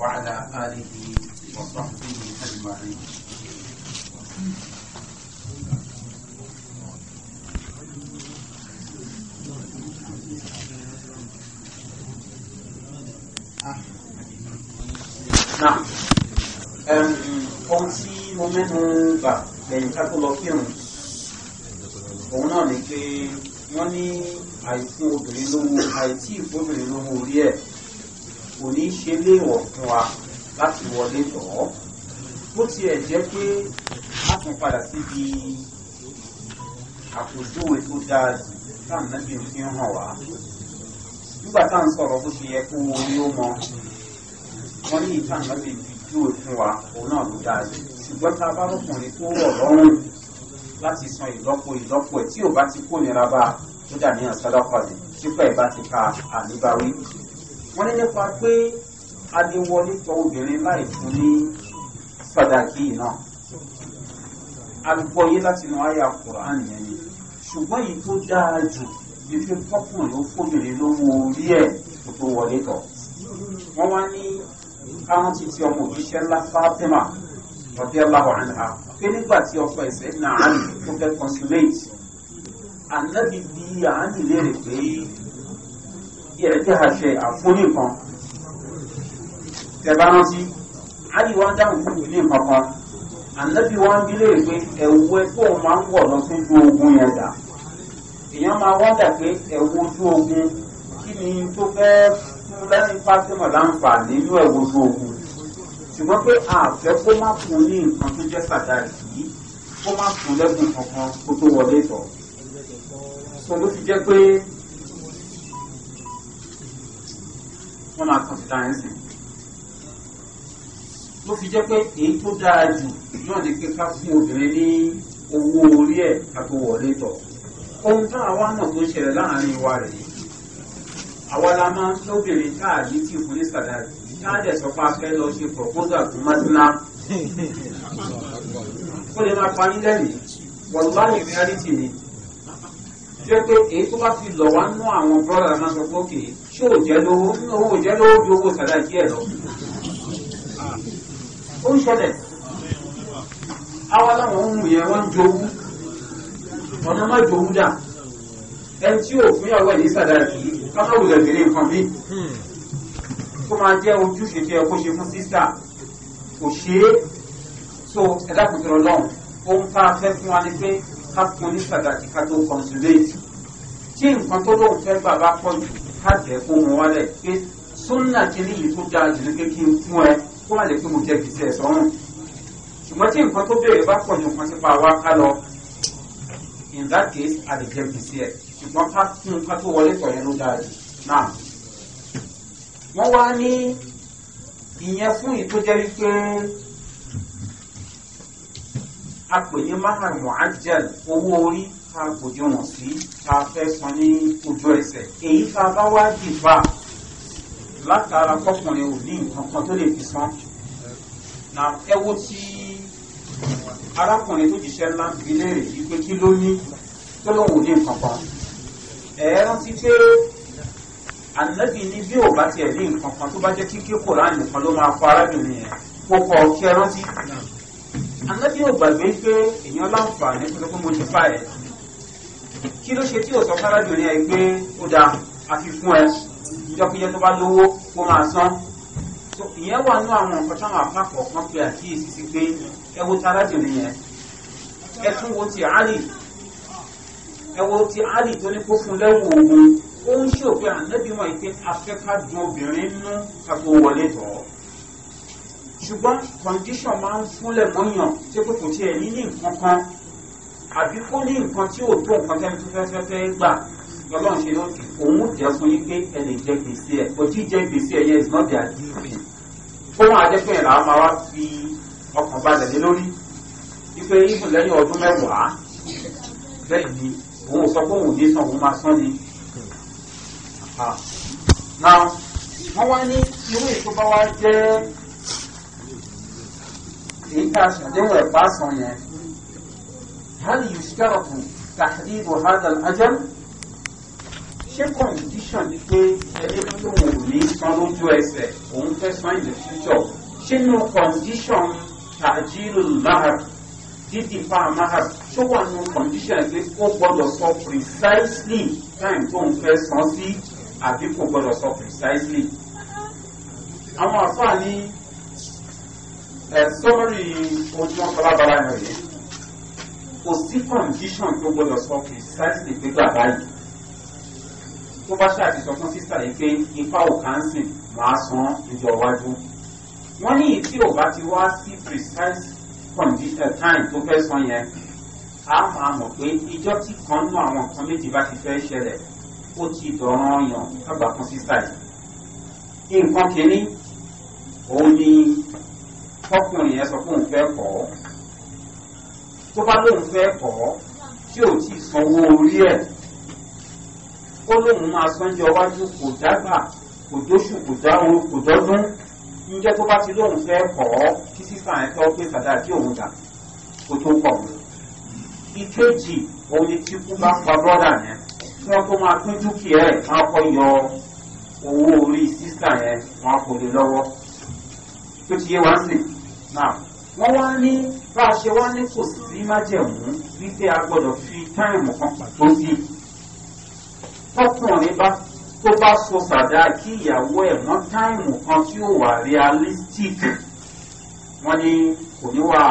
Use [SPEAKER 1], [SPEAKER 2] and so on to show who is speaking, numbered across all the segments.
[SPEAKER 1] وعلى آله وصحبه أجمعين Now, um, ohun tí mo mẹ́nu bà lẹ́yìn ká tó lọ kírun òun náà ni pé wọ́n ní àìfún obìnrin lówó àìtí ìfóbìnrin lówó orí ẹ̀ kò ní ṣe léèwọ̀ fún wa láti wọlé tọ̀ ọ́ bó tiẹ̀ jẹ́ pé a tún padà síbi àpòjúwe tó dáa jù táwọn nábì fi ń hàn wá nígbà táwọn sọ̀rọ̀ bó ṣe yẹ kó orí ó mọ wọn ní ìtàn nábì fi júwe fún wa òun náà ló dáa jù ṣùgbọ́n tá a bá rọkùnrin tó rọ̀ lọ́rùn láti san ìlọ́po ìlọ́po ẹ̀ tí ò bá ti kó nira bá a tó dà ní àsọdọ́kọ̀dì sípò ẹ̀ ti ka àníbáwí wọ́n ní nípa pé adéwọlé tọ obìnrin láì fún ní sàdákì náà alùpọ̀ yìí láti nu àyà Qur'an yẹn ni ṣùgbọ́n èyí tó dáa jù ní pé pọ́kùnrin ó fóbìnrin lówó orí ẹ̀ kó tó wọlé tọ̀ wọ́n wá ní àwọn ti ti ọmọ òjíṣẹ́ ńlá Fatima ọdí aláwọ̀ àná pé nígbà tí ọkọ ẹ̀sẹ̀ náà àmì tó fẹ́ consulate ànábì bí àánì pé yẹ̀rẹ̀kẹ́ àṣẹ àfóní nǹkan tẹ̀bá rántí àyè wọn dáhùn fún ìlú nǹkan kan ànábì wọn ń bílẹ̀ pé ẹ̀wù ẹ tó máa ń wọ̀ lọ sójú ogun yẹn dà èèyàn máa wọ́dà pé ẹ̀wù ojú ogun kí ni tó fẹ́ fún lẹ́ni pásímọ̀ láǹfààní nínú ẹ̀wù ojú ogun ṣùgbọ́n pé àfẹ́ kó má fún ní nǹkan tó jẹ́ pàtàkì yìí kó má fún lẹ́gùn kankan kó tó wọlé tọ̀ sọ ló fi jẹ́ pé wọ́n máa tún síta ẹ̀ sìn ló fi jẹ́ pé èyí tó dáa jù náà ni pé ká fún obìnrin ní owó orí ẹ̀ ká tó wọlé tọ̀ ohun tá àwa náà tó ṣẹlẹ̀ láàrin wa rẹ̀ àwa la máa ń lóbìnrin káàdì tí fún ní sàdáàdì káàdì sọ pé a fẹ́ lọ ṣe proposal fún mátínà ó lè máa parí lẹ́yìn wọ̀lúwàlì reality ni jẹ́ pé èyí tó bá fi lọ̀ wá nú àwọn brọ́dà náà sọ pé òkè tí ò jẹ́ lówó owó ò jẹ́ lówó ju owó sàdáàkì ẹ̀ lọ. ó ń ṣẹlẹ̀ àwọn aláwọ̀ ohun yẹn wọ́n ń jowú ọ̀nà má jowú dà ẹni tí ò fún ìyàwó ẹ̀ ní sàdáàkì káwọn òwúlẹ̀ bèrè nǹkan mi tó hmm. máa jẹ́ ojúṣe tí ẹ kó ṣe fún a fẹ́ fún wa ni pé ká fún ní sàdáàkì ká tó consulate kájẹ kó wọn wálẹ̀ pé súnà kìíní yìí tó dáa jù ní pé kí n fún ẹ kó má lè pé mo jẹ gbèsè ẹ̀ in that case a lè jẹ gbèsè ẹ̀ ṣùgbọ́n ká fún ká tó wọlé tọ̀ yẹn ló dáa jù náà wọ́n wá ní ìyẹn fún ìtọ́jẹ́ wípé a pè ní mahar mu'ajjal owó tá a gbòjò wọ̀n sí tá a fẹ́ san ní ojú ẹsẹ̀ èyí tá a bá wá dìbà látara kọkùnrin ò ní nǹkan kan tó lè fi san na ẹ wo ti arákùnrin tó jíṣẹ́ ńlá fi léèrè yìí pé kí ló ní tó lóun ò ní nǹkan kan ẹ rántí pé ànábì ní bí ò bá tiẹ̀ ní nǹkan kan tó bá jẹ́ kíké koran nìkan ló máa kọ arábìnrin yẹn kó kọ kí ẹ rántí ànábì ò gbàgbé pé èèyàn láǹfààní pé kó mo ti fà ẹ̀ kí ló ṣe tí ò sọ fárádìó ní ẹ pé ó da àfi fún ẹ jọkújẹ tó bá lówó kó máa san ìyẹn wà nú àwọn nǹkan táwọn àpapọ̀ kan pe àkíyèsí sí pé ẹ wo tárádìó nìyẹn ẹ tún wo ti àárì ẹ wo ti àárì tó ní kó fún lẹ́wọ̀ ogun ó ń ṣe òpin ànẹ́bímọ ìpè afẹ́ká dun obìnrin nú kàtó wọlé tọ̀ ọ́ ṣùgbọ́n kọ́ndíṣọ̀n máa ń fúnlẹ̀ mọ́yàn tí kò kò tiẹ̀ ní ní nǹkan kan àbí kó ní nǹkan tí ò tó nǹkan tẹ́ni tó fẹ́fẹ́fẹ́ gbà lọ́lọ́run ṣe ló ti òun jẹ́ fún yín pé ẹ lè jẹ gbèsè ẹ̀ kò tí jẹ gbèsè ẹ̀ yẹn is not their duty fóun àjẹpẹ́ yẹn làwọn máa wá fi ọkàn balẹ̀ lé lórí wípé ibùn lẹ́yìn ọdún mẹ́wàá bẹ́ẹ̀ ni òun sọ pé òun ò ní san òun máa san ni now wọ́n wá ní irú ètò jẹ́ èyí tá a ṣàdéhùn ẹ̀ bá yẹn. هل يشترط تحديد هذا الأجل ṣé condition ni pé ẹni tó wò ní san lójú ẹsẹ̀ òun fẹ́ san in the future ṣé nínú condition tàjílù mahab dídì pa mahab ṣó wà nínú condition ẹ̀ pé ó gbọ́dọ̀ sọ precisely time tó ń fẹ́ san sí àbí kò gbọ́dọ̀ sọ precisely. àwọn àfáà ní ẹ̀ sọ́mọ́rì ojú ọ̀pọ̀lọpọ̀ láyọ̀ yìí kò sí condition tó gbọdọ̀ sọ fún society lè gbégbà báyìí tó bá ṣáà ti sọ fún sísà yìí pé ipa ò kánsìn máa san ìjọ iwájú wọ́n ní ìtí ò bá ti wá sí precise condition eh, time tó fẹ́ san yẹn a máa mọ̀ pé ìjọ tí kan nú àwọn nǹkan méjì bá ti fẹ́ ṣẹlẹ̀ ó ti dọ̀ràn yàn lọ́gbà fún sísà yìí nǹkan kìíní òun ni tọkùnrin yẹn sọ fún òun fẹ́ kọ́ ọ́ tó bá lóun fẹ́ kọ́ tí ò tí sanwó orí ẹ̀ ó lóun máa sanjọ wájú kò dágbà kò dóṣù kò dáhùn kò dọ́dún ǹjẹ́ tó bá ti lóun fẹ́ kọ́ kí sísà ẹ̀ tọ́ pé sàdá kí òun dà kó tó kọ̀ ọ́ ìkejì òun ni tí kú bá pa bọ́dà yẹn kí wọ́n tó máa pín dúkìá ẹ̀ máa kọ́ yọ owó orí sísà yẹn máa kò lè lọ́wọ́ tó ti yé wá sí náà wọ́n wá ní bá a ṣe wá ní kò sí májẹ̀mú wípé a gbọ́dọ̀ fi táìmù kan pàtó sí tọkùnrin bá tó bá so sàdá kí ìyàwó ẹ̀ mọ́ táìmù kan tí ó wà realistic wọ́n ní kò ní wà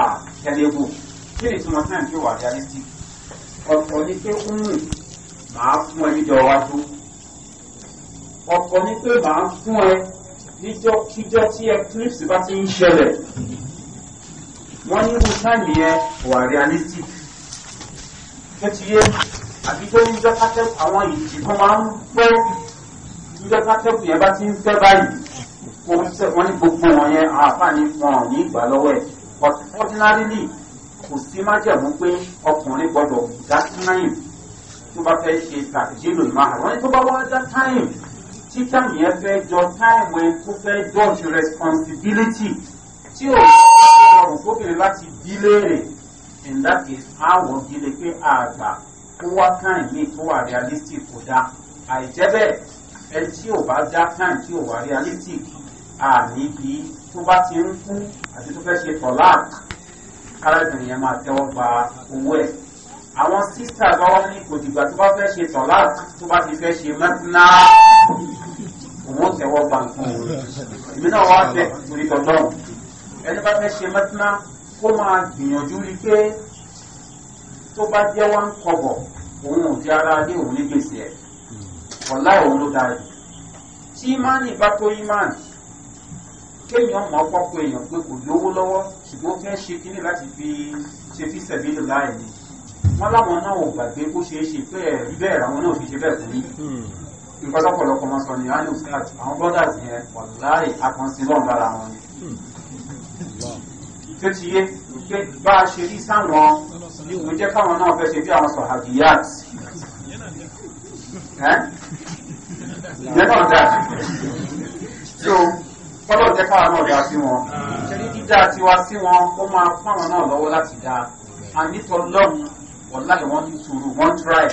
[SPEAKER 1] kẹ́lẹ́bù kí ni tí wọ́n táìmù tí ó wà realistic ọkọ ní pé ń rìn màá fún ẹ níjọ wa tó ọkọ ní pé màá fún ẹ níjọ kíjọ tí eclipse bá ti ń ṣẹlẹ̀ wọ́n ní irú táìmì yẹn wà realistic tó ti yé àbí pé níjọ́ pátẹ́ àwọn ìjìbọn máa ń pẹ́ níjọ́ pátẹ́ yẹn bá ti ń fẹ́ báyìí wọ́n ní gbogbo wọn yẹn àwọn àfààní wọn ò ní ìgbà lọ́wọ́ ẹ̀ but ordinarily kò sí májẹ̀mú pé ọkùnrin gbọ́dọ̀ dá táìmù tó bá fẹ́ ṣe tàbíjìlò ìmáà wọ́n tó bá wá dá táìmù tí táìmù yẹn fẹ́ jọ táìmù ẹ̀ tó fẹ́ dodge responsibility tí ò rọrùn fóbìnrin láti bí léèrè in that case àwọn ìdílé pé àgbà kó wá kàn mí tó wà realistic kò dáa àìjẹ́ bẹ́ẹ̀ ẹni tí ò bá dá kàn tí ò wà realistic àní bí tó bá ti ń kú àti tó fẹ́ ṣe tọ́láàkì arábìnrin yẹn máa tẹ́wọ́ gba owó ẹ̀ àwọn sísá bá ní kò tó bá fẹ́ ṣe tọ́láàkì tó bá ti fẹ́ ṣe mẹ́tínà òun tẹ́wọ́ gba nǹkan òun èmi náà bẹ̀ torí tọ́lọ́run ẹni bá fẹ́ ṣe mẹ́tínà kó máa gbìyànjú rí pé tó bá jẹ́ wá ń kọ̀bọ̀ òun ò di ara dé òun ní gbèsè ẹ̀ ọ̀la òun ló darí tí ìmánì bá tó ìmánì kéèyàn mọ̀ ọ́pọ́pọ́ èèyàn pé kò lówó lọ́wọ́ ṣùgbọ́n fẹ́ ṣe kíní láti fi ṣe fi sẹ̀mí lò láì ní wọ́n láwọn náà ò gbàgbé bó ṣe é ṣe pé ẹ̀rí bẹ́ẹ̀ làwọn náà fi ṣe bẹ́ẹ̀ fún yín hmm. nǹkan lọ́pọ̀lọpọ̀ wọn sọ ní àwọn brothers yẹn wọ̀láì akọ̀ǹsìn náà lára wọn ni. Hmm tó ti yé pé bá a ṣe rí sáwọn ìwé jẹ́ káwọn náà fẹ́ ṣe bí àwọn sọ̀hàdìyàt ìyẹn náà dà so fọlọ́ jẹ́ káwọn náà dá sí wọn ṣe ní dídá tiwa sí wọn ó máa fáwọn náà lọ́wọ́ láti dá ànítọ́lọ́hún ọ̀láyé wọn ní sùúrù wọn tíráì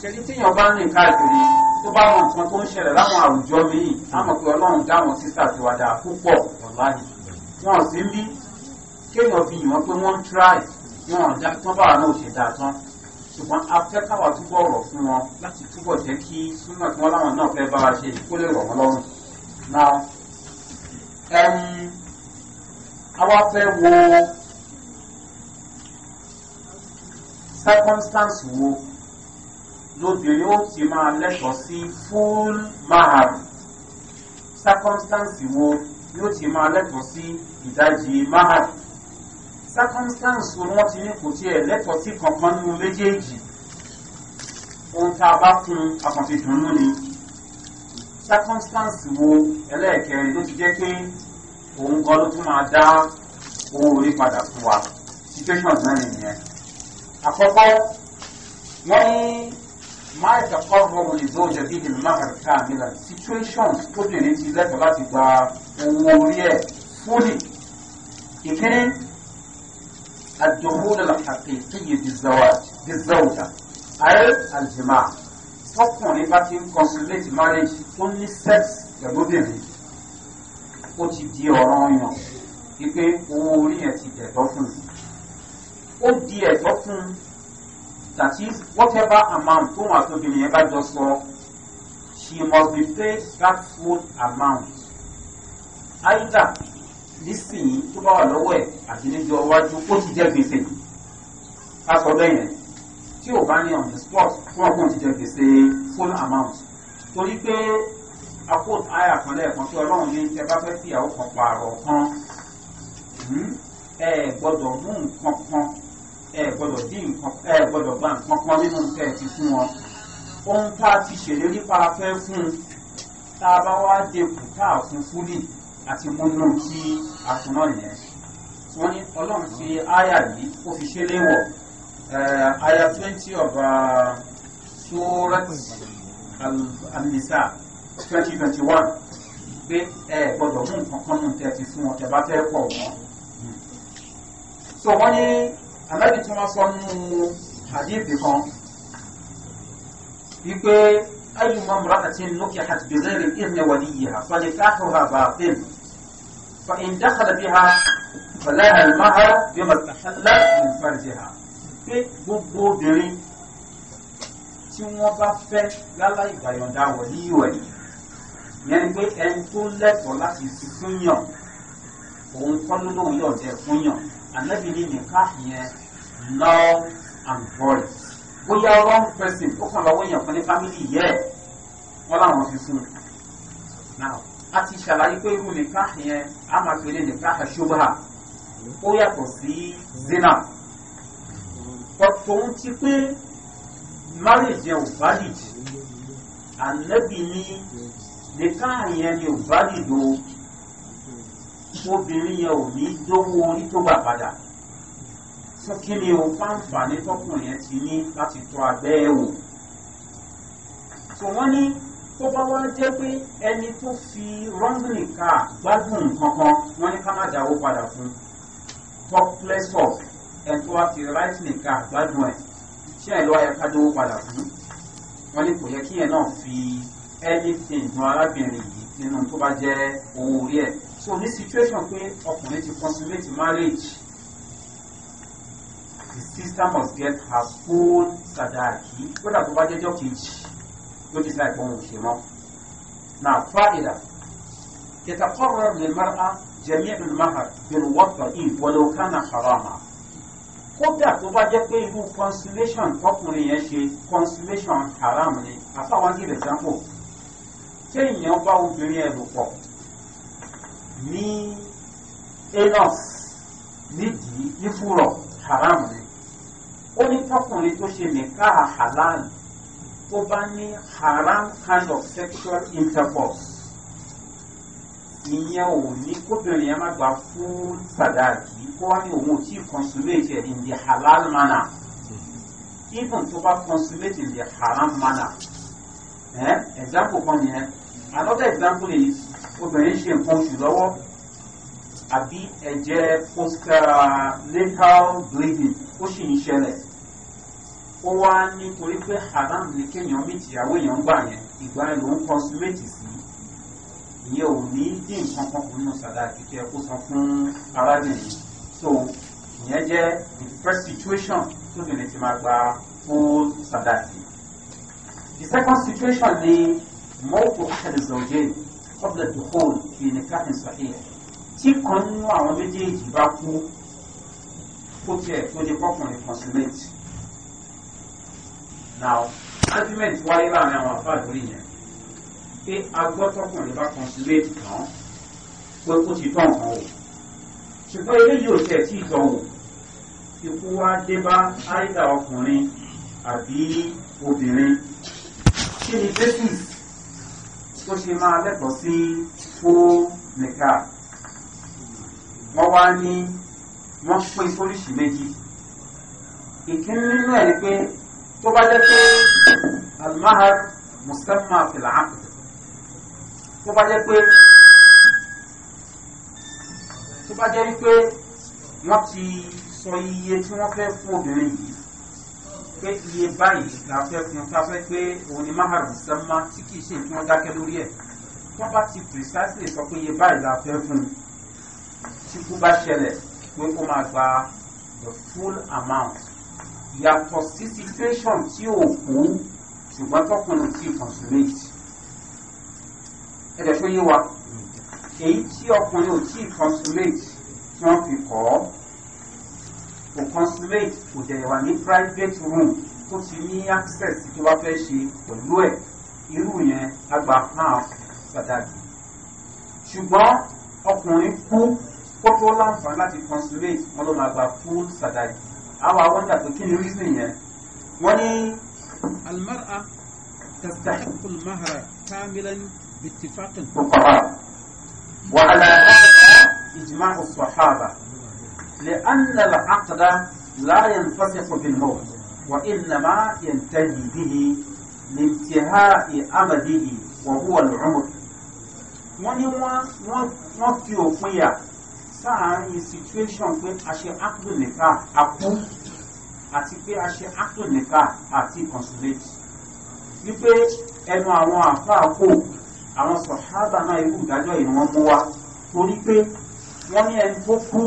[SPEAKER 1] ṣẹ́ni tíyàn bá rìn káàkiri tó bá mọ nǹkan tó ń ṣẹlẹ̀ láwọn àwùjọ míì á mọ̀ pé ọlọ́run dá àwọn sísà tiwa dáa púpọ̀ ọ̀láyé wọn ò sí bí kéèyàn fi yìnbọn pé wọ́n ń tíráì wọn ò dá tán báwa náà ò ṣe dáa tán ṣùgbọ́n afẹ́káwà túbọ̀ rọ̀ fún wọn láti túbọ̀ jẹ́ kí súnà tí wọ́n láwọn náà fẹ́ bá ṣe kó lè rọ̀ wọ́n lọ́rùn. now àwa fẹ́ wo circumstance wo lóbìnrin ó ti máa lẹ́tọ̀ọ́ sí full mahar circumstance wo yóò ti máa lẹ́tọ̀ọ́ sí ìdajì mahad circumstance wọn ti ní kò tiẹ̀ lẹ́tọ̀ọ́ sí kankan nínú méjèèjì ohun tá a bá fún akànfi dùnú ni circumstance wo ẹlẹ́ẹ̀kẹrin ló ti jẹ́ pé òun gan ló tún máa dá owó orí padà fún wa situation náà nìyẹn àkọ́kọ́ wọ́n ní máa ìtàkọ́rọ̀ ìzọ́jà bíi ìlúmáhàrì káàmìlà situations tóbìnrin ti lẹ́tọ̀ọ́ láti gba owó orí ẹ̀ fúlì ìkíní àdókòwò làkàkì kíyè dìzọ́jà ayé àjìmá tọkùnrin bá ti ń consulate marriage tó ní sex gẹ̀gbóbìnrin ó ti di ọ̀ràn ọyàn wípé owó orí ẹ̀ ti dẹ̀tọ́ fún un ó di ẹ̀tọ́ fún un. That is, whatever amount tó wà tóbi yẹn bá jọ sọ, she must be paid that full amount. Either nísìnyí tó bá wà lọ́wọ́ ẹ̀ àti níjọ iwájú ó ti jẹ́ gbèsè. Ká sọ bẹ́ẹ̀ yẹn, tí ò bá ní on the spot fún ọgbọ́n ti jẹ gbèsè full amount. Torí pé akóòtù àyà kan lẹ́ẹ̀kan tí ọlọ́run ní ẹ bá fẹ́ fìyàwó kan pààrọ̀ kan, hmm, ẹ gbọ́dọ̀ mú nǹkan kan ẹ gbọ́dọ̀ dín nǹkan ẹ gbọ́dọ̀ gba nǹkan pọn nínú tẹ́ ẹ ti fún wọn ohun tá a ti ṣèlérí pa fẹ́ fún un tá a bá wá dekù tá a fún fúlì àti múnú tí a fún náà yẹn wọ́n ní ọlọ́run fi àyà yìí ó fi ṣe léwọ̀ àyà twenty ọba uh, surat al-nisa twenty twenty one pé ẹ gbọ́dọ̀ mú nǹkan kan nù tẹ́ ẹ ti fún wọn tẹ́ bá fẹ́ pọ̀ wọ́n so wọ́n ní aláàjì tí wọ́n sọ nínú hadith kan wípé ayu mamra'atin nukihat bi ghairi idhni waliyiha fa nikahuha batil fa in dakhala biha falaha al-mahr bima tahalla min farjiha pé gbogbo obìnrin tí wọ́n bá fẹ́ láláì gbàyọ̀ǹda wọ̀líyọ̀ ẹ̀ yẹn ni pé ẹni tó lẹ́tọ̀ọ́ láti fúnyàn òun kọ́ ló lóun yọ̀ọ̀dẹ fúnyàn ànábì ní nìkan yẹn null and void bóyá wrong person ó kàn lọ́wọ́ èèyàn kan ní family yẹ wọ́n láwọn fi fún un now a ti ṣàlàyé pé irú nìkan yẹn a máa pè ní nìkan ṣubha ó yàtọ̀ sí zina tòun ti pé marriage yẹn ò valid ànábì ní nìkan yẹn ni ò valid o obìnrin yẹn ò ní dówó orí tó gbà padà fún kí ni o fáǹfààní tọkùnrin yẹn ti ní láti tọ abẹ́ ẹ̀ wò tí wọ́n ní tó bá wá jẹ́ pé ẹni tó fi rọ́ngìnì ká gbádùn kankan wọ́n ní ká má dáwó padà fún topless of ẹ̀tọ́ àti right nìkan gbádùn ẹ̀ ṣé ẹ̀ lọ́wọ́ ẹ̀ka dówó padà fún wọ́n ní kò yẹ kí ẹ̀ náà fi anything dun arábìnrin yìí nínú tó bá jẹ́ owó orí ẹ̀ so ní situation pé ọkùnrin ti consummate marriage the sister must get her full sadaki kódà tó bá jẹ́jọ́ kejì ló ti sáà ìpọ́n òṣè mọ́ na fa'ida تتقرر للمرأة جميع المهر بالوطئ ولو كان حراما kódà tó bá jẹ́ pé irú consolation tọkùnrin yẹn ṣe consolation haram ni àfàwọn give example kéèyàn bá obìnrin ẹ̀ lò pọ̀ ní anus nídìí nífúrọ̀ haram ni ó ní tọkùnrin tó ṣe nìka halal tó bá ní haram kind of sexual intercourse ìyẹn ò ní kóbìnrin yẹn má gba fún sàdáàkì kó wá ní òun ò tí ì consummate ẹ̀ in the halal manner even tó bá consummate in the haram manner eh? example kan yẹn another example is obìnrin ṣe nǹkan oṣù lọ́wọ́ àbí ẹ̀jẹ̀ postnatal bleeding ó sì ń ṣẹlẹ̀ ó wá nítorí pé haram ní kéèyàn méjì ìyàwó èèyàn gbà yẹn ìgbà ló ń consummate sí ìyẹn ò ní dín nǹkan kan nínú sàdáàkì kí ẹ kó san fún arábìnrin so ìyẹn jẹ́ the first situation tóbìnrin ti máa gba full sàdáàkì the second situation ni mọ́tò àdìsọ̀jẹ́ yìí. قبل الدخول في نكاح صحيح tí kan nínú àwọn méjèèjì bá kú kó tiẹ̀ tó di pọ́kùnrin consummate now argument wáyé láàrin àwọn àfáàdúrí yẹn pé agbọ́tọ́kùnrin bá consummate tán pé kó ti tọ̀ nǹkan o ṣùgbọ́n eléyìí ò tẹ̀ tí ì tọ̀ wò ikú wá dé bá àìdá ọkùnrin àbí obìnrin kí ni basis tó ṣe máa lẹ́tọ̀ọ́ sí fún nìka wọ́n wá ní wọ́n pín sóríṣi méjì ìkíni nínú ẹ̀ ni pé tó bá jẹ́ pé almahar musamman filaqd tó bá jẹ́ pé tó bá jẹ́ wípé wọ́n ti sọ iye tí wọ́n fẹ́ fún obìnrin yìí pé iye báyìí la fẹ́ fún ta fẹ́ pé òun ni maharu sẹ́mà tí kì í ṣe nǹkan dákẹ́ lórí ẹ̀ wọ́n bá ti precisely sọ pé iye báyìí la fẹ́ fún un tí kú bá ṣẹlẹ̀ pé kó máa gba the full amount yàtọ̀ sí situation tí ò kú ṣùgbọ́n tọkùnrin tí consummate ẹ̀dẹ̀ tó yé wa èyí tí ọkùnrin ò tí consummate tí wọ́n fi kọ́ ọ́ kò consulate kò dẹ̀ wà ní private room tó ti ní access tó bá fẹ́ ṣe pẹ̀lú ẹ̀ irú yẹn àgbà half sàdáàkì ṣùgbọ́n ọkùnrin kú kó tó láǹfààní láti wọn ló máa gba full sàdáàkì àwọn àwọn dàgbé kí ni reason yẹn wọ́n ní. almar'a تستحق المهر كاملا باتفاق الفقهاء وعلى هذا إجماع الصحابة لأن العقد لا ينفسخ بالموت وإنما ينتهي به لانتهاء أمده وهو العمر wọ́n ní wọ́n fi òpin yà sáàárín situation pé a ṣe akdo nìka akú àti pé a ṣe akdo nìka àti consulate wípé ẹnu àwọn àfáà kò àwọn sọ̀hábà náà irú ìdájọ́ yìí wọ́n mú wa torí pé wọ́n ní ẹni tó kú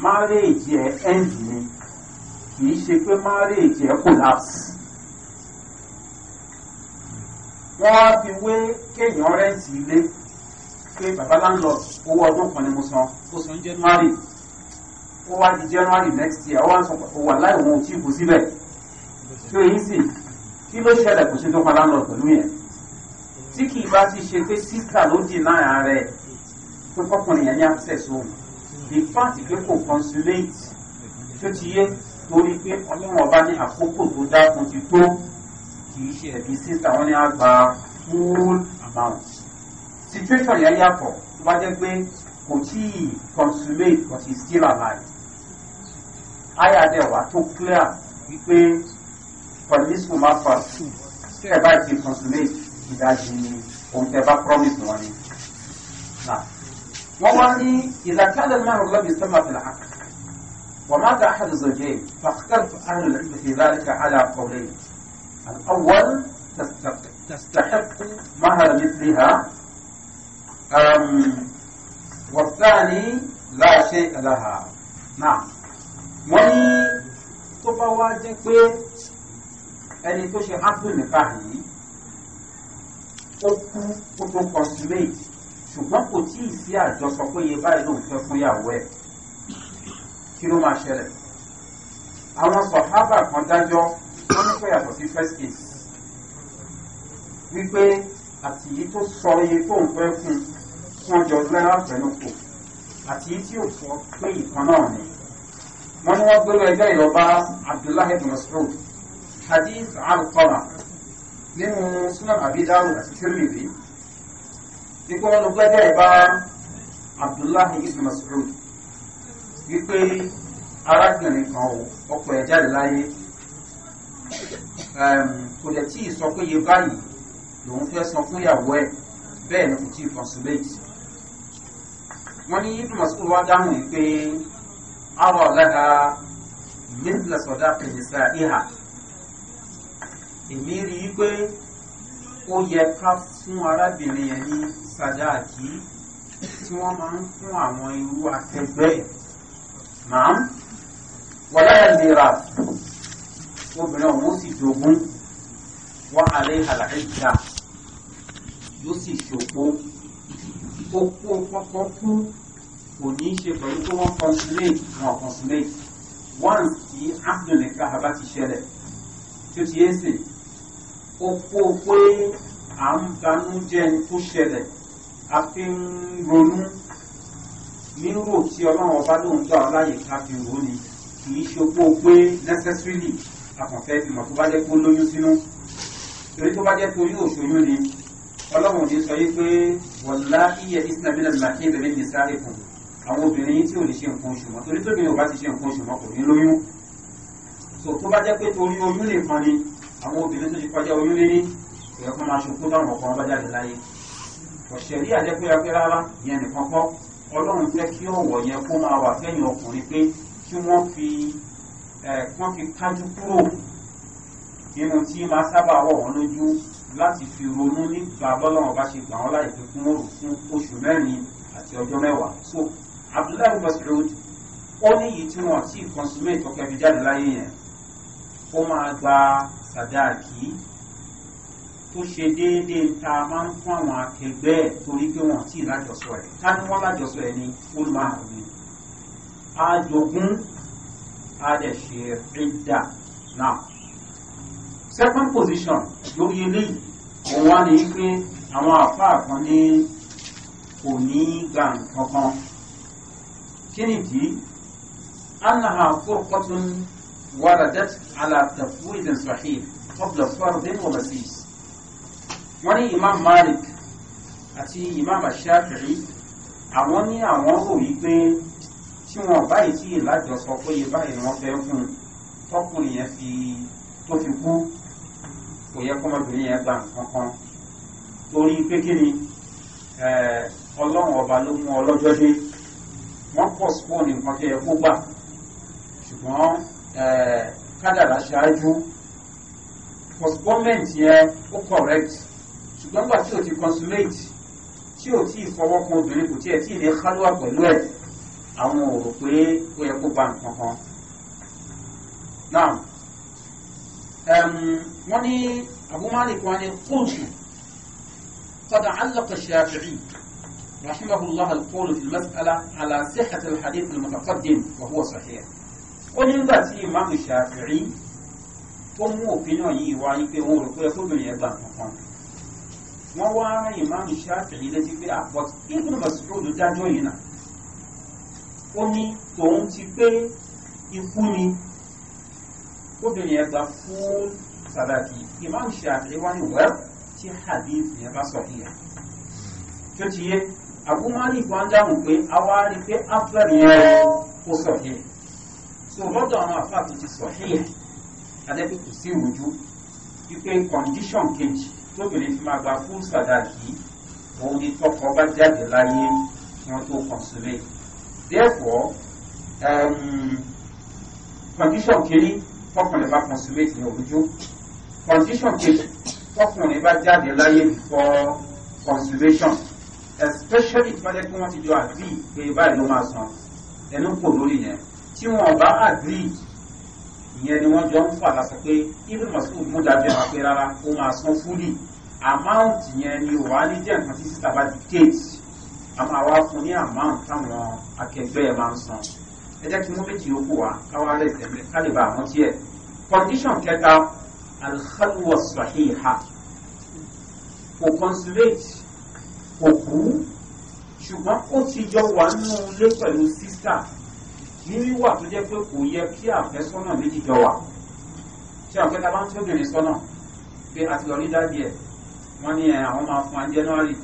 [SPEAKER 1] marriage ẹ end ni kì í ṣe pé marriage ẹ collapse wọ́n á fi wé kéèyàn rẹ́ǹtì ilé pé bàbá landlord owó ọdún kan ni mo san ó san january ó wá di january next year ó wá sọ pé ó wà láì wọn ò tí ì kú síbẹ̀ tí ó yín sì kí ló ṣẹlẹ̀ kò ṣe tó pa landlord pẹ̀lú yẹn tí kì í bá ti ṣe pé sísà ló dì náà rẹ̀ tó kọ́kùnrin yẹn ní access òun the fact pé kò consulate tó ti yé torí pé ọlọ́run ọba ní àkókò tó dákun ti tó kì í ṣe ẹ̀bí síta wọn ní àgbà full amount situation yẹn yàtọ̀ tó bá jẹ́ pé kò tí ì consulate but he still alive ayàdẹ̀wà tó clear wípé pẹ̀lísùn máa fà tẹ́ ẹ̀ bá ti consulate ìdajì ohun tẹ́ bá promise wọn ni. Nah. والله إذا كان المهر لم يسمى في العقد ومات أحد الزوجين فاختلف أهل العلم في ذلك على قولين الأول تستحق مهر مثلها أم والثاني لا شيء لها نعم wọ́n tó bá wá jẹ́ pé ẹni tó ṣe ápùlù nìkan yìí ṣùgbọ́n kò tí ì sí àjọsọ pé iye báyìí ló ń fẹ́ fún ìyàwó ẹ̀ kí ló máa ṣẹlẹ̀ àwọn sọ̀hábà kan dájọ́ wọ́n ní pé yàtọ̀ sí first case wípé àti yìí tó sọ iye tó ń fẹ́ fún fún ọjọ́ lẹ́la fẹ́nukù àti yìí tí ò sọ pé ìkan náà ni wọ́n ní wọ́n gbé lọ ẹgbẹ́ ìlọ́ba abdullahi ibn mas'ud hadith alqama nínú sunan abi àti tirmidhi wípé wọn ló gbẹ́jẹ́ ìbá abdullahi ibn mas'ud wípé arákùnrin kan ọkọ̀ ẹ̀ jáde láyé kò dẹ̀ tí ì sọ pé iye báyìí lòun fẹ́ san fún ìyàwó ni kò tí ì consulate wọ́n ní ibn wá dáhùn wípé àwọn ìhà èmi ó yẹ ká fún arábìnrin yẹn ní sàdáàkì tí wọ́n máa ń fún àwọn irú akẹgbẹ́ ẹ̀ máa ń wọláyà lera obìnrin ọ̀hún ó sì jogún wọ́n alẹ́ àlàyé ìjà yóò sì ṣòpó okú ọpọpọ kú kò ní í ṣe pẹ̀lú pé wọ́n consulate wọn consulate once tí abdul bá ti ṣẹlẹ̀ tí ó ti yé sìn opó pé à ń banújẹ́ ní tó ṣẹlẹ̀ a fi ń ronú nírò tí ọlọ́run ọba lóun gbà ọ láyè ká fi wò ni kì í ṣe o pé necessarily àkànfẹ́ ìmọ̀ tó bá jẹ́ pé ó lóyún sínú torí tó bá jẹ́ pé oyún òṣòyún ni ọlọ́run ní sọ yí pé wọ̀lá iye islamina làkè ìdẹ̀lẹ́ ní sáré kan àwọn obìnrin yìí tí ò ní ṣe nǹkan oṣù mọ́ torí tóbi ò bá ti ṣe nǹkan oṣù mọ́ kò ní lóyún so tó bá jẹ́ pé torí oyún lè kan àwọn obìnrin tó ti kọjá oyún lérí kò yẹ kó máa sunkún táwọn ọkọ wọn bá jáde láyé ọ̀sẹ̀rí àjẹpẹ́yàpẹ́ rárá yẹn nìkan kọ́ ọlọ́run fẹ́ kí ọ̀wọ̀ yẹn kó máa wà fẹ́yìn ọkùnrin pé kí wọ́n fi wọ́n fi kájú kúrò nínú tí máa sábà wọ̀ wọ́n lójú láti fi ronú nígbà bọ́lọ́run bá ṣe gbà wọ́n láì fi kún òrò fún oṣù mẹ́rin àti ọjọ́ mẹ́wàá so abdullahi masud ó ní èyí tí wọ́n ti consummate ọkẹ́ fi jáde láyé yẹn ó máa gba sàdáàkì tó ṣe déédéé ta máa ń fún àwọn akẹgbẹ́ ẹ̀ torí pé wọ́n tí ì lájọsọ ẹ̀ ká ní wọ́n lájọsọ ẹ̀ ní olùmọ̀ràn mi àjogún àdẹ̀ṣe ẹ̀dà náà second position lórí eléyìí òun wá ní pé àwọn àfáà kan ní kò ní gbà nǹkan kan kí nìdí anaha fúrkọ́tún وردت على تفويض صحيح قبل فرض وبسيس وني إمام مالك أتي إمام ashafi'i àwọn ní àwọn rò wípé tí wọn báyìí tí ìlàjọ sọ pé iye báyìí ni wọn fẹ́ fún un tọkùnrin yẹn fi tó fi kú kò yẹ kọmọbìnrin yẹn gbà nǹkan kan torí pé kí ni eh, ọlọ́run ọba ló mú ọlọ́jọ́ dé wọ́n pọ̀ sí fóònù nǹkan tó yẹ kó gbà ṣùgbọ́n kada kádàrá ṣáájú postponement yẹn ó correct ṣùgbọ́n gbà tí o ti consummate tí o ti fọwọ́ fọwọ́kun obìnrin kò tiẹ̀ tí ì ní kálúwà pẹ̀lú ẹ̀ àwọn ò rò pé ó yẹ kó ba nǹkan kan now wọ́n ní abúmálì kan ní kóòtù قد علق الشافعي رحمه الله القول في المسألة على صحة الحديث المتقدم وهو صحيح ó ní nígbà tí ìmáàmù ṣàfìrí ó mú òfin náà yìí wá ní pé wọn rò pé ẹkọbìnrin ẹgbà kankan wọn wá rán ìmáàmù ṣàfìrí létí pé àpọt ah, ibùdó mọ̀síkòdù dájọ́ yìí náà ó ní tòun ti pé ikú ni obìnrin ẹgbà fún sàdákì ìmáàmù ṣàfìrí wá ní wẹ́ẹ̀ tí hadith yẹn bá sọ kíyà tó ti yé àbúmọ́lì kan dáhùn pé àwa rí pé afẹ́ yẹn kó sọ kíyà so lọ́dọ̀ àwọn àfa tó ti sọ hílẹ̀ adẹ́bí kò sí ìrújú wípé kọ̀ǹdíṣọ̀n kejì tóbìnrin fi máa gba fún sàdáàkì òun ni tọkọ bá jáde láyé kí wọ́n tó kọ̀ǹsùlẹ̀ therefore kọ̀ǹdíṣọ̀n um, kejì tọkùnrin bá kọ̀ǹsùlẹ̀ ní òrújú kọ̀ǹdíṣọ̀n kejì tọkùnrin bá jáde láyé before conservation especially tí wọ́n jẹ́ kí wọ́n ti jọ àbí pé báyìí ló máa san ẹnu kò lórí yẹn tí wọn bá agree ìyẹn ni wọn jọ ń fà lásán pé ibi mọ̀sùlùmí mú dájú ẹ̀rọ pé rárá ó máa san fúlì amount yẹn ni wà á ní jẹ́ nǹkan tí sísá bá dictate a máa wá fún ní amount táwọn akẹgbẹ́ ẹ̀ máa ń san ẹ jẹ́ kí wọ́n méjì yòókù wá káwá rẹ̀ tẹ̀lé ká lè bá àwọn tiẹ̀ condition kẹta alhalwa sahiha kò consulate kò kú ṣùgbọ́n ó ti jọ wà nínú ilé pẹ̀lú sísá wíwà tó jẹ́ pé kò yẹ kí àfẹ́sọ́nà méjì jọ wà ṣé àwọn kẹta bá ń tóbìnrin sọ́nà pé àti lọ rí dájú ẹ̀ wọ́n ní àwọn máa fún wa january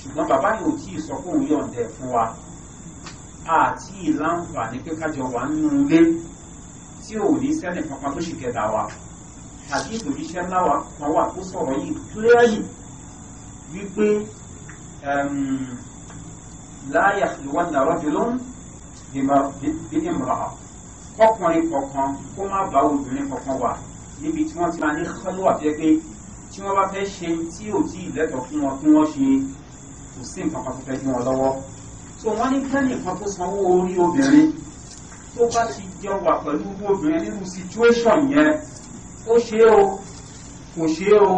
[SPEAKER 1] ṣùgbọ́n bàbá yìí ò tí ì sọ pé òun yọ̀ǹdẹ̀ fún wa àti ìlànfààní pé kájọ wà nínú ilé tí ò ní sẹ́nì kankan tó sì kẹta wa àti ìtòjíṣẹ́ ńlá wa kan wà tó sọ̀rọ̀ yìí clearly wípé láyà ìwọ́n náà rọ́jò lóhùn bí ìmọ̀ràn ọkùnrin kọ̀ọ̀kan kó má bá obìnrin kọ̀ọ̀kan wà níbi tí wọ́n ti máa ní kọ́lọ́ àtẹ́ tí wọ́n bá fẹ́ ṣe tí ò tí ì lẹ́tọ̀ọ́ fún wọn kí wọ́n ṣe kò sí nǹkan kan tó fẹ́ dín wọn lọ́wọ́ tó wọ́n ní kẹ́nìkan tó sanwó orí obìnrin tó bá ti jọ wà pẹ̀lú obìnrin nínú situation yẹn ó ṣe é o kò ṣe é o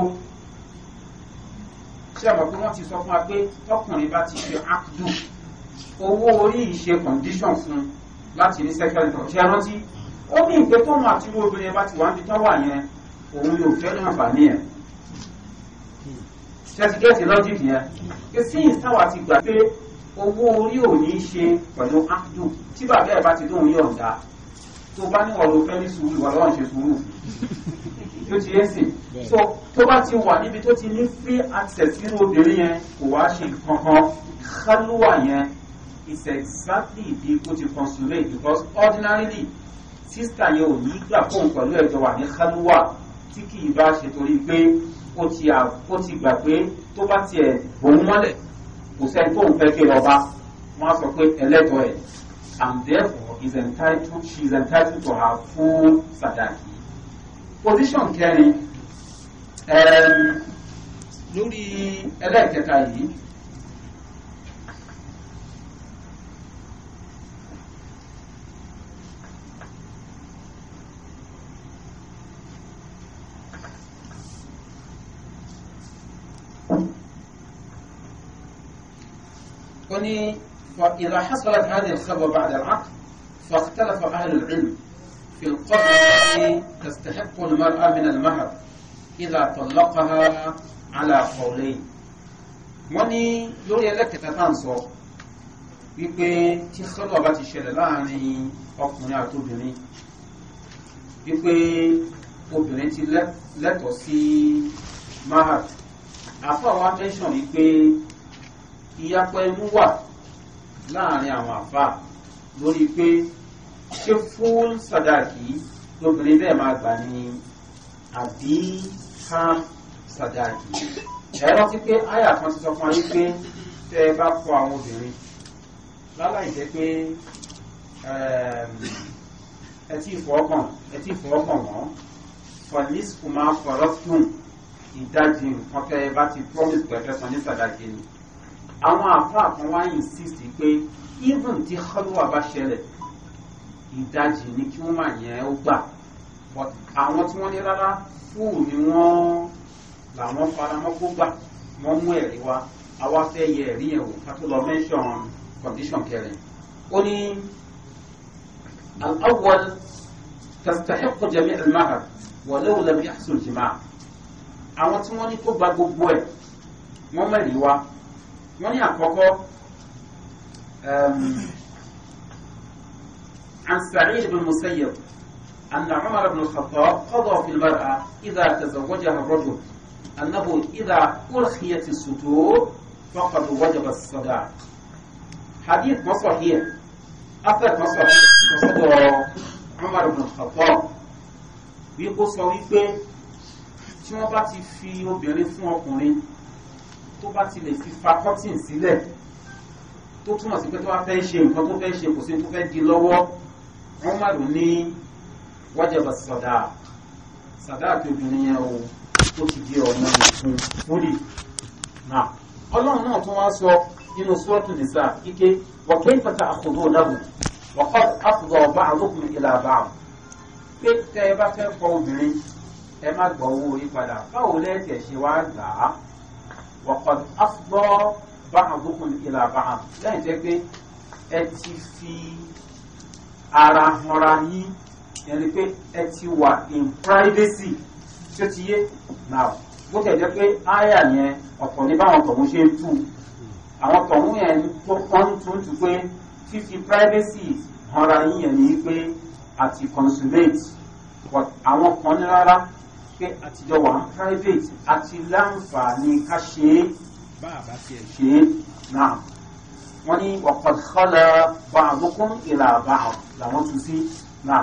[SPEAKER 1] ṣé àbọ̀ pé wọ́n ti sọ fún wa pé tọkùnrin bá ti ṣe ákùdù owó orí ìṣe condition fún láti ní sexual intercourse ṣe rántí ó ní ìgbé tóun àti irú obìnrin bá ti wà níbi tán wà yẹn òun yóò fẹ́ ní àǹfààní ẹ̀ ṣẹ́sìkẹ́sì lọ́jìkì yẹn kí síyìn táwa ti gbà pé owó orí ò ní í ṣe pẹ̀lú ápdù tí bàbá ẹ̀ bá ti lóun yọ̀ǹda tó bá ní ọ̀rọ̀ fẹ́ ní sùúrù wà lọ́wọ́n ṣe sùúrù tó ti yé sìn so tó bá ti wà níbi tó ti ní free access nínú obìnrin yẹn kò wá ṣe kankan kálúwà yẹn is exactly bí ó ti consummate because ordinarily sísà yẹn ò ní gbà fóun pẹ̀lú ẹ̀jọ̀ wà ní kálúwà tí kì í bá ṣe torí pé ó ti gbà pé tó bá tiẹ̀ bòun mọ́lẹ̀ kò sẹ́ni tóun fẹ́ kí lọ́ba wọ́n á sọ pé ẹlẹ́tọ̀ ẹ̀ and therefore is entitled she is entitled to her full sadaki. position kẹrin um, lórí ẹlẹ́kẹta yìí. إذا حصلت هذه الخلوة بعد العقد فاختلف أهل العلم في القدر التي تستحق المرأة من المهر إذا طلقها على قولين وني يوري لك تتانسو يقول تي خلوة باتي شلالاني أقنع تبني يقول تبني تي لتوسي مهر أفا وانتشون يقول يقول مواتي láàrin àwọn àfa lórí pé ṣé fún sàdáàkì lóbìnrin bẹ́ẹ̀ máa gbà ní àbí ham sàdáàkì ẹ rántí pé àyà kan ti sọ fún ayé pé tẹ́ ẹ bá kọ àwọn obìnrin láláì jẹ́ pé ẹ tí ìfọwọ́kàn ẹ tí ìfọwọ́kàn wọ́n fọlísìkù máa ìdajì nǹkan tẹ́ ẹ bá ti promise pẹ̀lú ẹ̀sán ní sàdáàkì ni àwọn àfáà kan wá insist pé even tí kọ́lùwà bá ṣẹlẹ̀ ìdajì ni kí wọ́n máa yẹn ó gbà but àwọn tí wọ́n ní rárá fúù ni wọ́n làwọn faramọ́ kó gbà wọ́n mú ẹ̀rí wa àwa fẹ́ yẹ ẹ̀rí yẹn wò ká tó lọ mention condition kẹrin ó ní al-awwal tastahiqu jami' al-mahar walau lam àwọn tí wọ́n ní kó gba gbogbo ẹ̀ wọ́n mẹ́rin wa. wọ́n ní àkọ́kọ́ عن سعيد بن المسيب أن عمر بن الخطاب قضى في المرأة إذا تزوجها الرجل أنه إذا أرخيت الستور فقد وجب الصداق حديث ما صحيح أثر ما صحيح قصده عمر بن الخطاب wípé sọ wípé tí wọ́n bá ti fi obìnrin fún ọkùnrin tó bá ti lè fi fa cotton sílẹ̀ tó túmọ̀ sí pé tó bá fẹ́ ṣe nǹkan tó fẹ́ ṣe kò sí tó fẹ́ di lọ́wọ́ wọ́n má lò ní wájàbà sọ̀dà sọ̀dà àti obìnrin yẹn o tó ti di ọ̀nà ìfún fúrì náà ọlọ́run náà tún wá sọ nínú sọ́ọ̀tù nìsa kíké wọ́kẹ́ ìfẹ́ta àkùdó náà wọ́kọ́ àkùdọ̀ ọba àlókùn ìlà àbá pé tẹ́ ẹ bá fẹ́ kọ obìnrin ẹ má gbọ́ owó yí padà báwo lẹ́ẹ̀kẹ́ ṣe wá gbà á. وقد أفضى بعضكم إلى بعض lẹ́yìn tẹ́ pé ẹ ti fi ara hanra yín yẹn ni pé ẹ ti wà in privacy tí ó ti yé now bó tẹ̀ jẹ́ pé àyà yẹn ọ̀pọ̀ ní báwọn tọ̀hún ṣe ń tú àwọn tọ̀hún yẹn tó kọ́ ń pé fífi privacy hanra yín yẹn ni pé àti consummate àwọn kan ní rárá pé àtijọ́ wà ní private àti láǹfààní ká ṣe é ṣe é náà wọ́n ní ọ̀pọ̀lọpọ̀ bá àbúkún ìlà àbá làwọn tún sí náà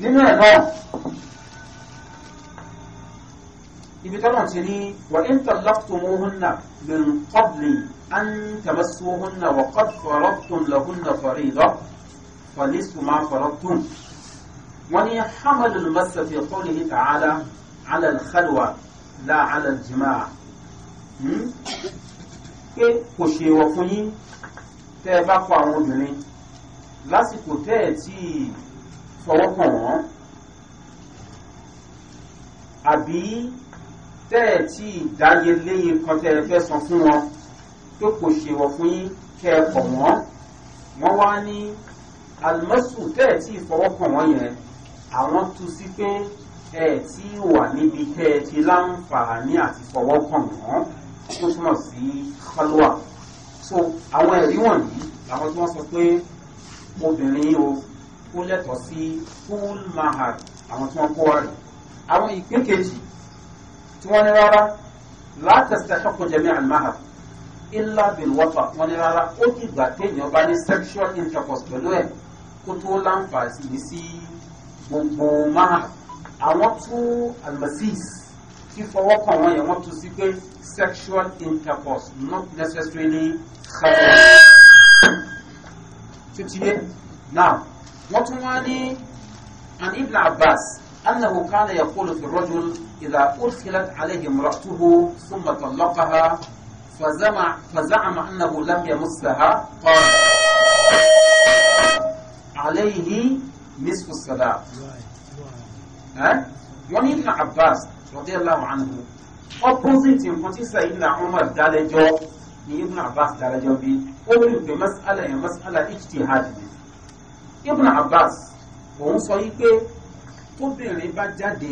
[SPEAKER 1] nínú ẹ̀ náà ibi tọ́nà ti ní wà ń tọ́lọ́pù mọ́húnnà min qabli an tamassuhunna wa qad faradtum lahunna farida fa wọ́n ní hamalul massa fi qawlihi ta'ala على الخلوة لا على الجماعة. al-jimaa pé kò ṣe wọ̀ fún yín tẹ́ ẹ bá kọ àwọn obìnrin lásìkò tẹ́ ẹ tí fọwọ́ kàn wọ́n àbí tẹ́ ẹ tí dáyé léyìn kan tẹ́ ẹ fẹ́ san fún wọn pé kò ṣe wọ̀ fún yín kẹ́ ẹ kọ̀ wọ́n wọ́n wá ní almasu tẹ́ ẹ tí fọwọ́ kàn wọ́n yẹn àwọn tú sí pé ẹ tí wà níbi tẹ́ ẹ ti láǹfààní àti fọwọ́ kàn wọ́n tó túmọ̀ sí kálúwà so àwọn ẹ̀rí wọ̀nyí làwọn tí wọ́n sọ pé obìnrin o ó lẹ́tọ̀ọ́ sí full mahad àwọn tí wọ́n kó wa rè àwọn ìpín kejì tí wọ́n ní rárá látẹ̀sítẹ́sọ́kùn jẹ́mi àlùmáhàd ilá bìlwọ́fà wọ́n ní rárá ó dìgbà téèyàn bá ní sexual intercourse pẹ̀lú ẹ̀ kó tó láǹfààní sí gbogbo mahad àwọn tún almasis fífọwọ́kàn wọn yẹn wọ́n tún sí pé sexual intercourse not necessarily khabar títí yé now wọ́n tún wá ní an ibn abbas أنه كان يقول في الرجل إذا أرسلت عليه امرأته ثم طلقها فزمع فزعم أنه لم يمسها قال عليه نصف الصلاة wọ́n ní ibn abbas radiyallahu anhu opposite nǹkan tí sayyidina umar dálẹ́jọ́ ni ibn abbas dálẹ́jọ́ bí ó rí pé mas'ala yẹn mas'ala ijtihad ni ibn abbas òun sọ yí pé tóbìnrin bá jáde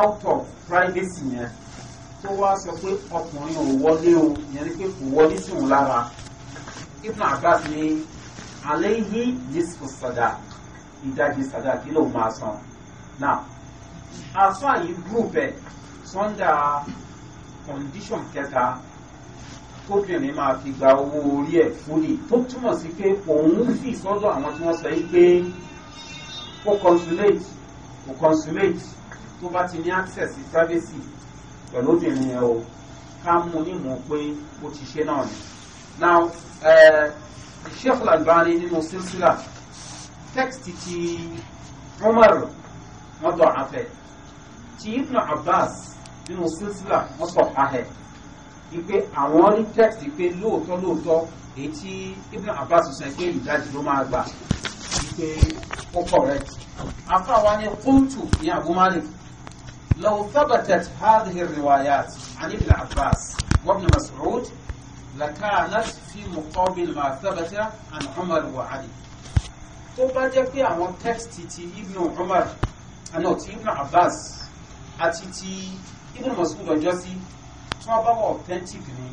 [SPEAKER 1] out of privacy yẹn tó wá sọ pé ọkùnrin ò wọlé o yẹn ni pé kò wọlé sí òun lára ibn abbas ní ìdajì sada kí ló máa now as far as group ẹ̀ sọ́ndà condition kẹta tóbìnrin máa fi gba owó orí ẹ̀ fúnni tó túmọ̀ sí pé òun sì sọ́dọ̀ àwọn tí wọ́n sọ yìí pé ó consulate ó consulate tó bá ti ní access sí privacy pẹ̀lú obìnrin yẹn o ká mú nímọ̀ pé ó ti ṣe náà ni now sheikh Al-Albani nínú sílsílà text ti Umar wọ́n dọ̀ afẹ́ tí ibn abbas nínú sílsílà wọ́n sọ ahẹ́ wípé àwọn ní tẹ́kìtì pé lóòótọ́ lóòótọ́ èyí tí ibn abbas sọ pé ìdajì ló máa gbà wípé ó correct afa wa ni kuntu ní abu malik law thabatat hadhihi riwayat an ibn abbas wa ibn mas'ud لكانت في مقابل ما ثبت عن عمر وعلي tó bá jẹ́ pé àwọn tẹ́kìtì ti ibn umar àná ti ibn abbas àti ti ibn masud ọjọ́ sí tí wọ́n bá wọ authentic ni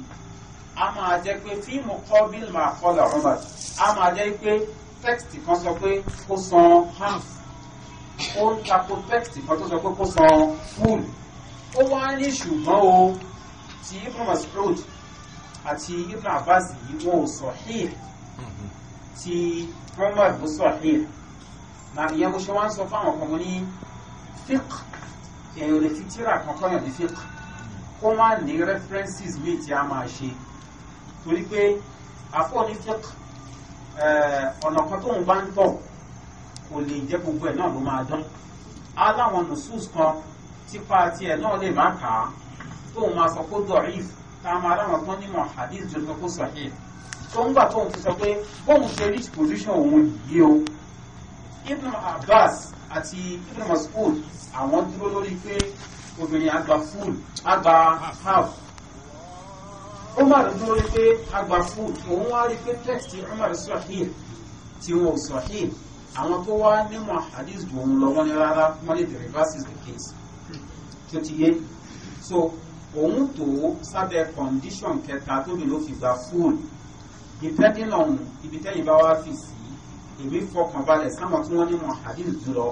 [SPEAKER 1] a máa jẹ́ pé fíìmù kọ́bíl máa kọ́lá umar a máa jẹ́ pé text kan sọ pé kó san half ó ń tako text kan tó sọ pé kó san full ó wá ní ṣùgbọ́n o ti ibn masud àti ibn abbas yìí wọn ò sahih mm-hmm. ti umar ló sahih na ìyẹn mo ṣe wá ń sọ fáwọn ọkọ̀ mo ní fiqh èèyàn ò lè fi tíra kankan yàn ní fiqh kó má ní references míì tí a máa ṣe torí pé àfọ̀ ní fiqh eh, ọ̀nà kan tóun bá ń tọ̀ kò lè jẹ́ gbogbo ẹ̀ náà ló máa dán aláwọn nusus kan tipa tiẹ̀ náà lè má kà á tóun máa sọ kó dọ̀ríf tá a máa ráwọn tán nímọ̀ hadith jù lọ kó sahih tó ń gbà tóun ti sọ pé bóun ṣe reach position òun yìí o ibn abbas àti ibn Mas'ud àwọn dúró lórí pé obìnrin àgbà full àgbà half Umar dúró lórí pé àgbà full òun wá rí pé text Umar sahih tí wọn ò sahih àwọn tó wá nímọ̀ hadith dùn lọ́wọ́ ní rárá wọ́n lè the reverse is the case tí ó ti yé so òun tó sábẹ́ condition kẹta tóbi ló fi gba full depending on ibi tẹ́yìn bá wá fi sí èmi fọkàn balẹ̀ sáwọn tí wọ́n ní mọ̀ hadith jùlọ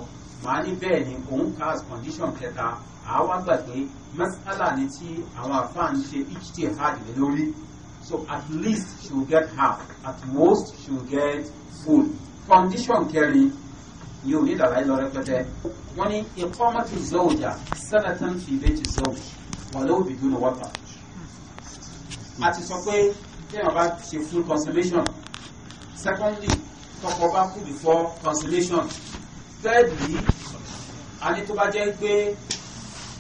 [SPEAKER 1] màá ní bẹ́ẹ̀ ni òun ka condition kẹta àwa gbàgbé masala ni tí àwọn àfáà ń ṣe ijtihad lé lórí so at least she will get half at most she will get full condition kẹrin ni ò ní dàlàyé lọ rẹpẹtẹ wọ́n ní iqamatu zawja sanatan fi bayti zawj walau bidun wata a ti sọ pé bí wọ́n bá ṣe full consummation secondly tọkọ bá kú before consolation thirdly àní tó bá jẹ́ pé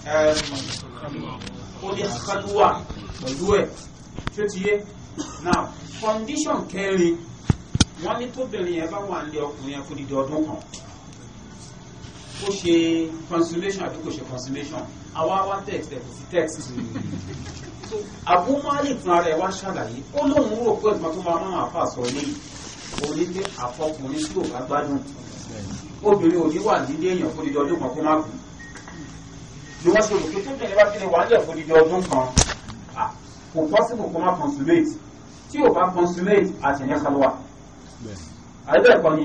[SPEAKER 1] eh, ó ní kádùwà pẹ̀lú ẹ̀ tí ó ti yé now condition kẹrin wọ́n ní tóbìnrin yẹn bá wà nílé ọkùnrin yẹn kó di ọdún kan ó ṣe consolation àbí kò ṣe consolation àwa wá text ẹ̀ kò sí text Abu Malik fúnra rẹ̀ wá ṣàlàyé ó lóun rò pé ìgbà tó máa máa fà sọ léyìí òní pé àfọkùnrin tí òbá gbádùn obìnrin òní wà nílé èèyàn fún ìdí ọdún kan kó má kú ni wọ́n ṣe òkè tó bẹ̀rẹ̀ wá kíni wàhálẹ̀ fún ìdí ọdún kan kò possible kó má consummate tí ò bá consummate àtẹ̀yẹ́ kálọ́wà àìbẹ̀ẹ̀kọ́ ni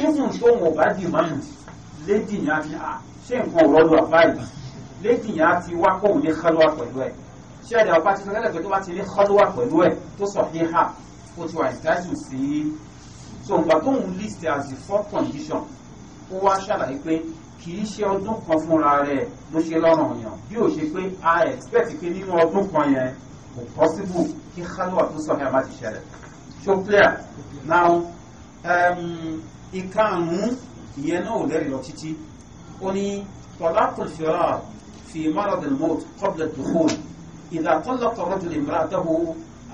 [SPEAKER 1] even tó wọn bá demand lady yẹn á ti ṣe nǹkan òrọ́lù àbáyé lady yẹn á ti wá kóhùn ní kálọ́wà pẹ̀lú ẹ̀ ṣé ẹ̀dá ọba ti sọ lẹ́lẹ́gbẹ̀ẹ́ tó bá ti ní kálọ́wà pẹ̀lú ẹ̀ tó sọ híhà ó ti wà ìdájú sí so ìgbà tó ń list as the four condition ó wá ṣàlàyé pé kì í ṣe ọdún kan fúnra rẹ̀ ló ṣe lọ́rùn yàn bí ó ṣe pé a expect pé nínú ọdún kan yẹn kò possible kí khalwa tó sọ yàrá ti ṣẹlẹ̀ so clear now um, ìkarùn-ún ìyẹn náà ò lẹ́rìí lọ títí ó ní tọ́lákùn fìrà fi márọ̀dùn mọ́t kọ́bùlẹ̀ tó fóònù ìdàtọ́lọ́kọ̀ọ́dún ìmúra tẹ́wọ́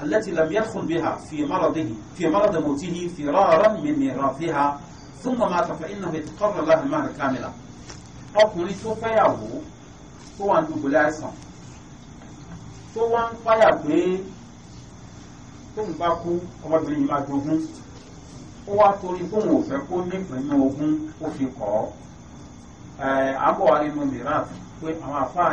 [SPEAKER 1] التي لم يدخل بها في مرضه في مرض موته فرارا من ميراثها ثم مات فإنه يتقرر له المهر كاملا ọkùnrin tó fẹ́yàwó tó wà ń dùbúlẹ̀ àìsàn tó wá ń páyà pé tóun bá kú ọmọbìnrin yìí máa jogún ó wá torí tóun ò fẹ́ kó nípìnlẹ̀ ogún ó fi kọ́ àbọ̀ arínú mìíràn pé àwọn àfáà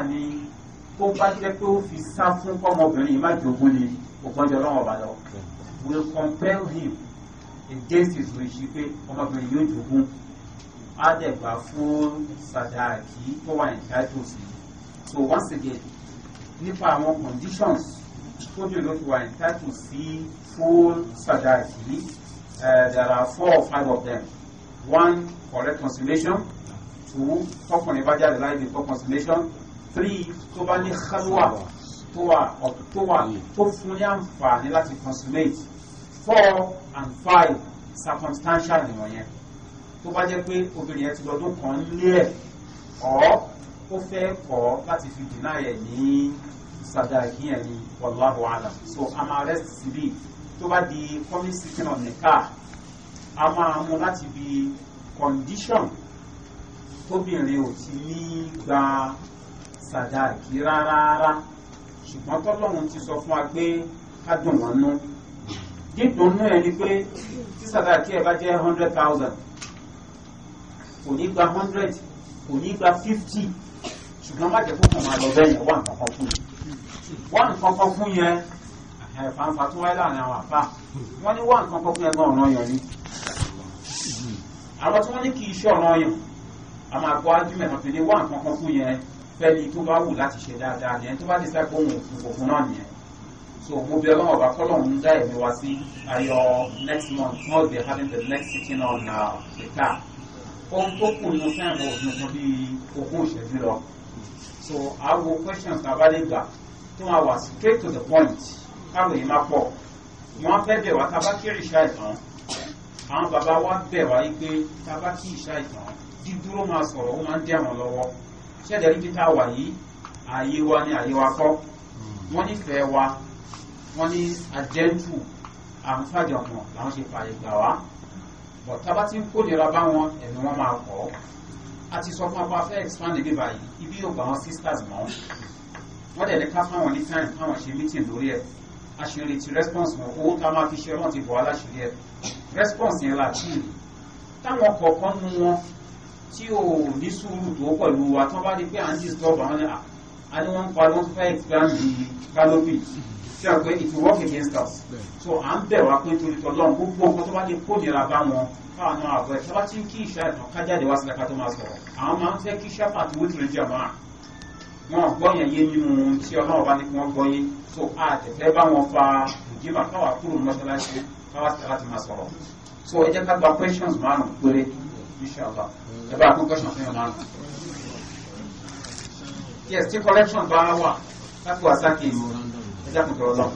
[SPEAKER 1] tó bá jẹ́ pé ó fi sá fún ọmọbìnrin yìí má jogún ni ògbọ́njọ lọ́wọ́ ọba lọ will compel him against his wish pé ọmọbìnrin yóò jogún á dẹ̀ gbà fún sàdáàkì tó wà ní ìdájọ́ sí so once again nípa àwọn conditions tó dè ló fi wà ní ìdájọ́ sí fún sàdáàkì eh, there are four or five of them one for reconciliation two tọkùnrin bá jáde láì ní for reconciliation three tó bá ní khalwa tó wà tó wà tó fún ní àǹfààní láti consummate four and five circumstantial nìwọ̀nyẹn tó bá jẹ́ pé obìnrin yẹn ti lọ́dún kan lé ẹ̀ ọ́ ó fẹ́ kọ́ láti fi dènà ẹ̀ ní sadaki ẹ̀ ní wallahu alam so a máa rest síbí tó bá di coming season of nikah a máa mú láti bi condition tóbìnrin ò ti ní gba sadaki rárá rárá. ṣùgbọ́n tọ́lọ́run ti sọ fún wa pé ká dùn wọ́n nú dídùn nú ẹ ni pé tí sàdáàkì ẹ bá jẹ́ hundred thousand kò ní gba hundred kò ní gba fifty ṣùgbọ́n má jẹ́ kó kàn máa lọ bẹ́yẹn wà nǹkan kan fún yẹn wà nǹkan kan fún yẹn ẹ̀fàǹfà tó wáyé láàrin àwọn àfà wọ́n ní wà nǹkan kan fún yẹn gan ọ̀nà yẹn ni àwọn tí wọ́n ní kì í ṣe ọ̀nà yẹn àmọ́ àgọ́ ájúmẹ̀ kan fi ní wà nǹkan kan fún yẹn fẹ́ni tó bá wù láti ṣe dáadáa nìyẹn tó bá ti sẹ́kọ̀ọ́ òun òfin òfin náà nìyẹn so mo bí ọlọ́run ọba kọ́lọ́run dá ẹ̀mí wa sí ayọ̀ next month must be having the next sitting on uh, the car ohun tó kù nínú fẹ́ràn òfin kan bíi ogún ìṣẹ́jú lọ so àwọn questions tá a bá lè gbà tí wọ́n wà straight to the point káwọn èèyàn má pọ̀ wọ́n fẹ́ bẹ̀ wá tá a bá kí ìṣá ìtàn àwọn bàbá wa bẹ̀ wá yí pé tá kí ìṣá ìtàn dídúró máa sọ̀rọ̀ ó máa ń dẹ̀ lọ́wọ́ ṣẹ̀dá ibi tá a wà yìí ààyè wa ni ààyè wa kọ́ hmm. wọ́n nífẹ̀ẹ́ wa wọ́n ní àjẹ́ntù àǹfàjọpọ̀ làwọn ṣe fààyè gbà wá bọ̀ tábà tí ń kórìíra bá wọn ẹ̀mí wọn máa kọ́ a ti sọ fún apá fẹ́ expand ibi báyìí ibi yóò gbà wọn sisters mọ́ wọ́n dẹ̀ ní ká fáwọn ní time fáwọn ṣe meeting lórí ẹ̀ àṣírí ti response wọn owó ká máa fi ṣe wọn ti bọ̀ aláṣírí ẹ̀ response yẹn la tí táwọn kọ̀ọ̀kan mú wọn tí o ní sùúrù tó pẹ̀lú wa tí wọ́n bá di pé à ń disturb àwọn ní à ní wọ́n ń parí wọ́n fẹ́ expand the canopy sí àpé it will work against us so à ń bẹ̀ wá pé torí tọ́lọ́run gbogbo ọkọ tó bá lè kó nira bá wọn káwọn náà àgọ́ ẹ̀ tí wọ́n bá ti ń kí ìṣá ìtàn kájáde wá sí ẹ̀ka tó máa sọ̀rọ̀ àwọn máa ń fẹ́ kí ṣáfà àti wíìtìrì jẹ̀ máa wọn gbọ́yàn yé nínú tí ọlọ́run bá ní kí wọ́n gbọ́yé so a tẹ̀fẹ́ bá wọn fa ìjìbà káwà kúrò mọ́ṣáláṣí káwà sí ẹ̀ka tó máa sọ̀rọ̀ so ẹ jẹ́ ká gba questions márùn-ún péré inshallah ẹ̀bá kú kọ́sùn fún ìyọ̀nà àná. yes tí collection bá wà láti wà sákè ìlú ẹjá kò tọrọ lọ.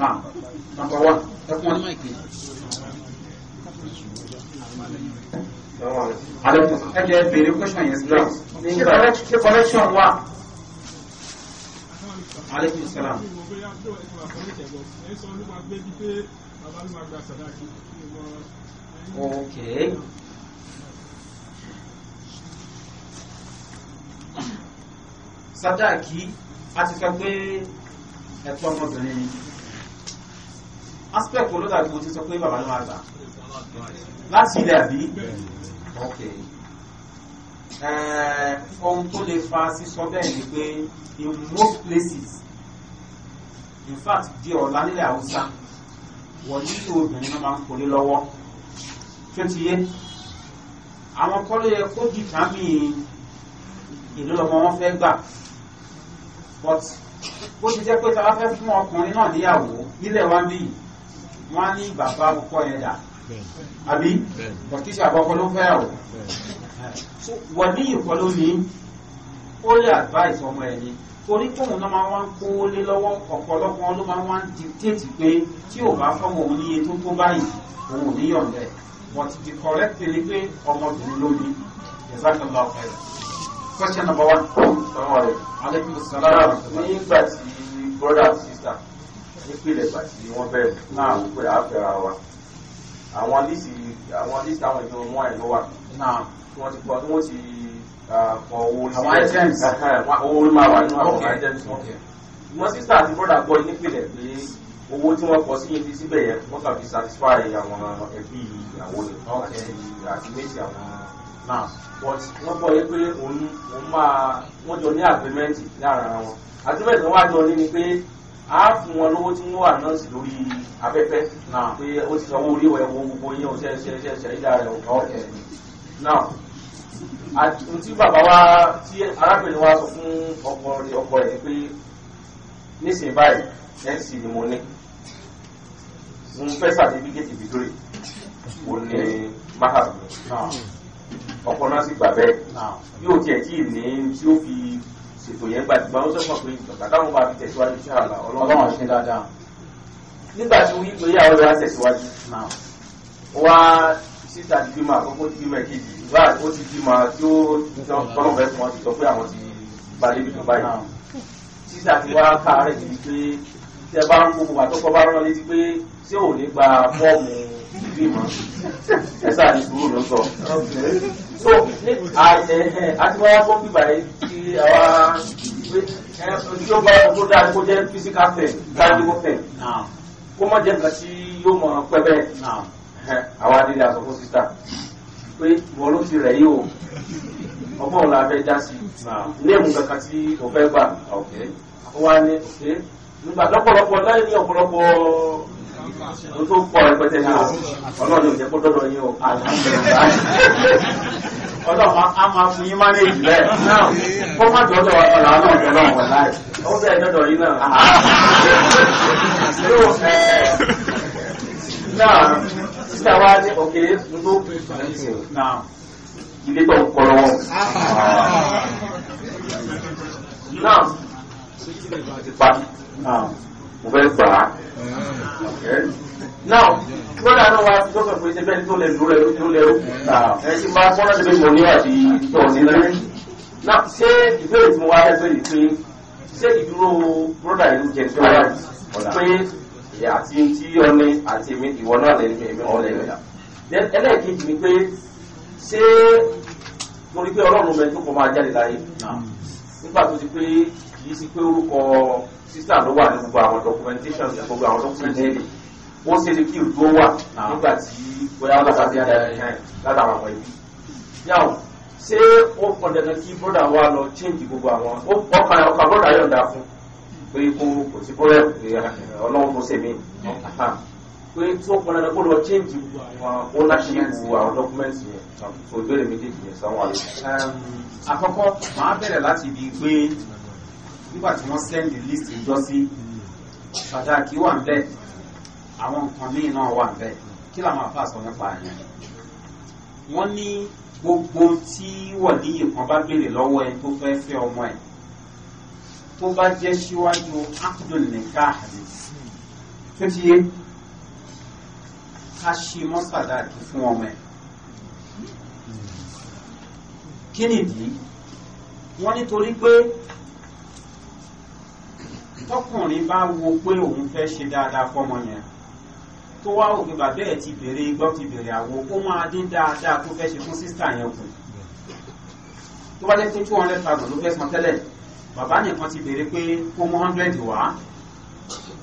[SPEAKER 1] Now, number one, ẹkún ọdún mẹ́kì. Ẹ jẹ́ bèrè question yẹn sí lọ. Ṣé collection wà? ok. sadaki a ti sọ pé ẹ̀tọ́ ọmọbìnrin ni aspect wo ló dàbí mo ti sọ pé bàbá ló máa gbà láti ilẹ̀ àbí ok ohun tó lè fa sísọ bẹ́ẹ̀ ni pé in most places in fact di ọ̀la nílẹ̀ haúsá wọ̀nyí tí obìnrin náà máa ń kọ́lé lọ́wọ́ twenty ti yé àwọn kọ́lé yẹ kó dìtàmì ìlú lọ́mọ wọn fẹ́ gbà but bó ti jẹ́ pé tá a bá fẹ́ fún ọkùnrin náà níyàwó nílẹ̀ wá ń bì wọ́n á ní bàbá àkọ́kọ́ yẹn dà àbí bọ̀tíṣà àkọ́kọ́ ló fẹ́ yàwó wọ̀nyí ìkọlóni ó lè advice ọmọ ẹni torí fóun náà máa wá kó lé lọ́wọ́ ọ̀pọ̀lọpọ̀ ló máa wá ń dictate pé tí ò bá fọ́mọ òun níye tó tó báyìí òun ò ní yọ̀ǹdẹ̀ but the correct thing ni pé ọmọbìnrin ló ní ìzákàlá ọ̀fẹ́ rẹ̀. question number one. sọ́wọ́n rẹ̀ aleykum salaam nígbà tí brother and sister nípìnlẹ̀ ìgbà tí bẹ̀rẹ̀ náà wọ́n pé àfẹ́ra wa àwọn lísì àwọn lísì àwọn ìgbìmọ̀ mọ́ ẹ̀ ló wà náà wọ́n ti àwọn items owó máa wà nínú àwọn items wọn sísá àti brọ́dà gbọ́ nípìnlẹ̀ pé owó tí wọ́n kọ sí ibi síbẹ̀ yẹn wọ́n kàn fi satisfy àwọn ẹbí ìyàwó rẹ̀ àti méjì àwọn náà but wọ́n gbọ́ yẹ pé òun máa wọ́n jọ ní agreement láàárín wọn agreement wọn wá jọ ní ni pé a fún wọn lówó tí wọ́n wà náà sí lórí afẹ́fẹ́ náà pé ó ti sanwó orí ẹ̀wọ̀ gbogbo yín ọ̀sẹ̀ ìdá rẹ̀ ọ̀kẹ́ náà ohun tí bàbá wa tí arábìnrin wa sọ fún ọkọ rẹ̀ ọkọ rẹ̀ pé nísìnyí báyìí nc ni mo ní mo fẹ́ sàtífíkẹ́tì bìtúrì mo ní mákàtí ọkọ náà sì gbà bẹ́ẹ̀ yóò tiẹ̀ tí ì ní tí ó fi ṣètò yẹn gbàdúgbà ó sọ̀kan pé ìjọba táwọn máa fi tẹ̀síwájú sí àlà ọlọ́run ṣe dáadáa nígbà tí wọ́n yí pé àwọn tẹ̀síwájú wá síta dìgbìmọ̀ àkọ́kọ́ dìgbìmọ̀ kejì láì ó ti bímọ tí ó tọ́lọ̀ fẹ́ fún ọ ti sọ pé àwọn ti balẹ̀ nínú báyìí ah. sísà ti wá káàárẹ̀ níbi pé tẹ bá ń gbogbo àtọ́kọ́ bá rán létí pé ṣé ò ní gba fọ́ọ̀mù ìbímọ ẹ sáà ní sùúrù ló sọ. so àtiwáyà fún bíbá yìí ti àwa ẹni tó bá ọdún dáa kó jẹ́ physical pain tangible pain kó má jẹ́ nǹkan tí yóò mọ̀ pẹ́ bẹ́ẹ̀ ah. àwa nílé àsọ̀kọ́ sísà pé ìwọ ló ti rẹ̀ yí o ọgbọ́n la fẹ́ já sí léèmù kankan tí o fẹ́ gbà ọ̀kẹ́ ó wá ní ọ̀kẹ́ nígbà lọ́pọ̀lọpọ̀ láì ní ọ̀pọ̀lọpọ̀ ohun tó pọ̀ rẹpẹtẹ náà ọlọ́run ò jẹ́ kó dọ́dọ̀ yín o ọlọ́run á máa fún yín máa ní ìjìnlẹ̀ náà kó má dọ́dọ̀ ọ̀là náà jẹ́ lọ́wọ́ wọn láì ó bẹ́ẹ̀ dọ́dọ̀ yín náà sísá wa ní òkè nínú ilé tó ń kọrọ wọn. náà pàtó náà mo fẹ́ gbà á. náà lọ́dà náà wá tó fẹ́ pé ṣe bẹ́ẹ̀ tó lè lò lẹ́rú tó lẹ́rú. ẹ ṣe máa fọ́nrán ṣe pé mo ní àbí tó ní lẹ́rú. náà ṣé ìbéèrè tí mo wá fẹ́ yìí pé ṣé ìdúró bọ́dà ìlú jẹ̀ tó wáyà pé àti tí ọ̀nẹ́ àti èmi ìwọ náà lẹ́nu èmi ọ̀lẹ́ rẹ̀ yà. ẹlẹ́ẹ̀kejì ni pé ṣé mo rí pé ọlọ́run mẹ́tò kọ́ máa jáde láyé nígbà tó ti pé kì í ti pé orúkọ sísà ló wà ní gbogbo àwọn documentation ní gbogbo àwọn documentation ó ṣe ni kí ìdúró wà nígbà tí bóyá ó lọ́ta bí i látàwọn àwọn ẹbí. yàwó ṣé ó pọn dandan kí bọ́dà wa lọ change gbogbo àwọn ọkàn ọkàn bọ́dà yọ̀ǹda fún un pé kó kò sí kó rẹ̀ ah, ọlọ́run tó sèmi ah. pé tí ó pọn dandan kó lọ change ownership àwọn documents yẹn so ìbéèrè méjèèjì yẹn sáwọn àlejò. Um, àkọ́kọ́ màá bẹ̀rẹ̀ láti ibi pé nígbà tí wọ́n send the list ìjọ sí sàdáàkì wà ń bẹ̀ àwọn nǹkan míì náà wà ń bẹ̀ kí làwọn àfa sọ nípa yẹn. wọ́n ní gbogbo tí wọ̀nyí kan bá béèrè lọ́wọ́ ẹni tó fẹ́ fẹ́ ọmọ ẹ̀ tó bá jẹ́ síwájú akdul nikah ni tó ti yé ká ṣe mọ́ pàtàkì fún ọmọ ẹ̀ kí nìdí wọ́n nítorí pé tọkùnrin bá wo pé òun fẹ́ ṣe dáadáa fọmọ yẹn tó wá òkè bàbá ẹ̀ ti bèrè igbó ti bèrè àwo ó máa dín dáadáa tó fẹ́ ṣe fún sísà yẹn kù tó bá jẹ́ pé two hundred thousand ló fẹ́ san tẹ́lẹ̀ bàbá nìkan ti béèrè pé kó mú hundred wá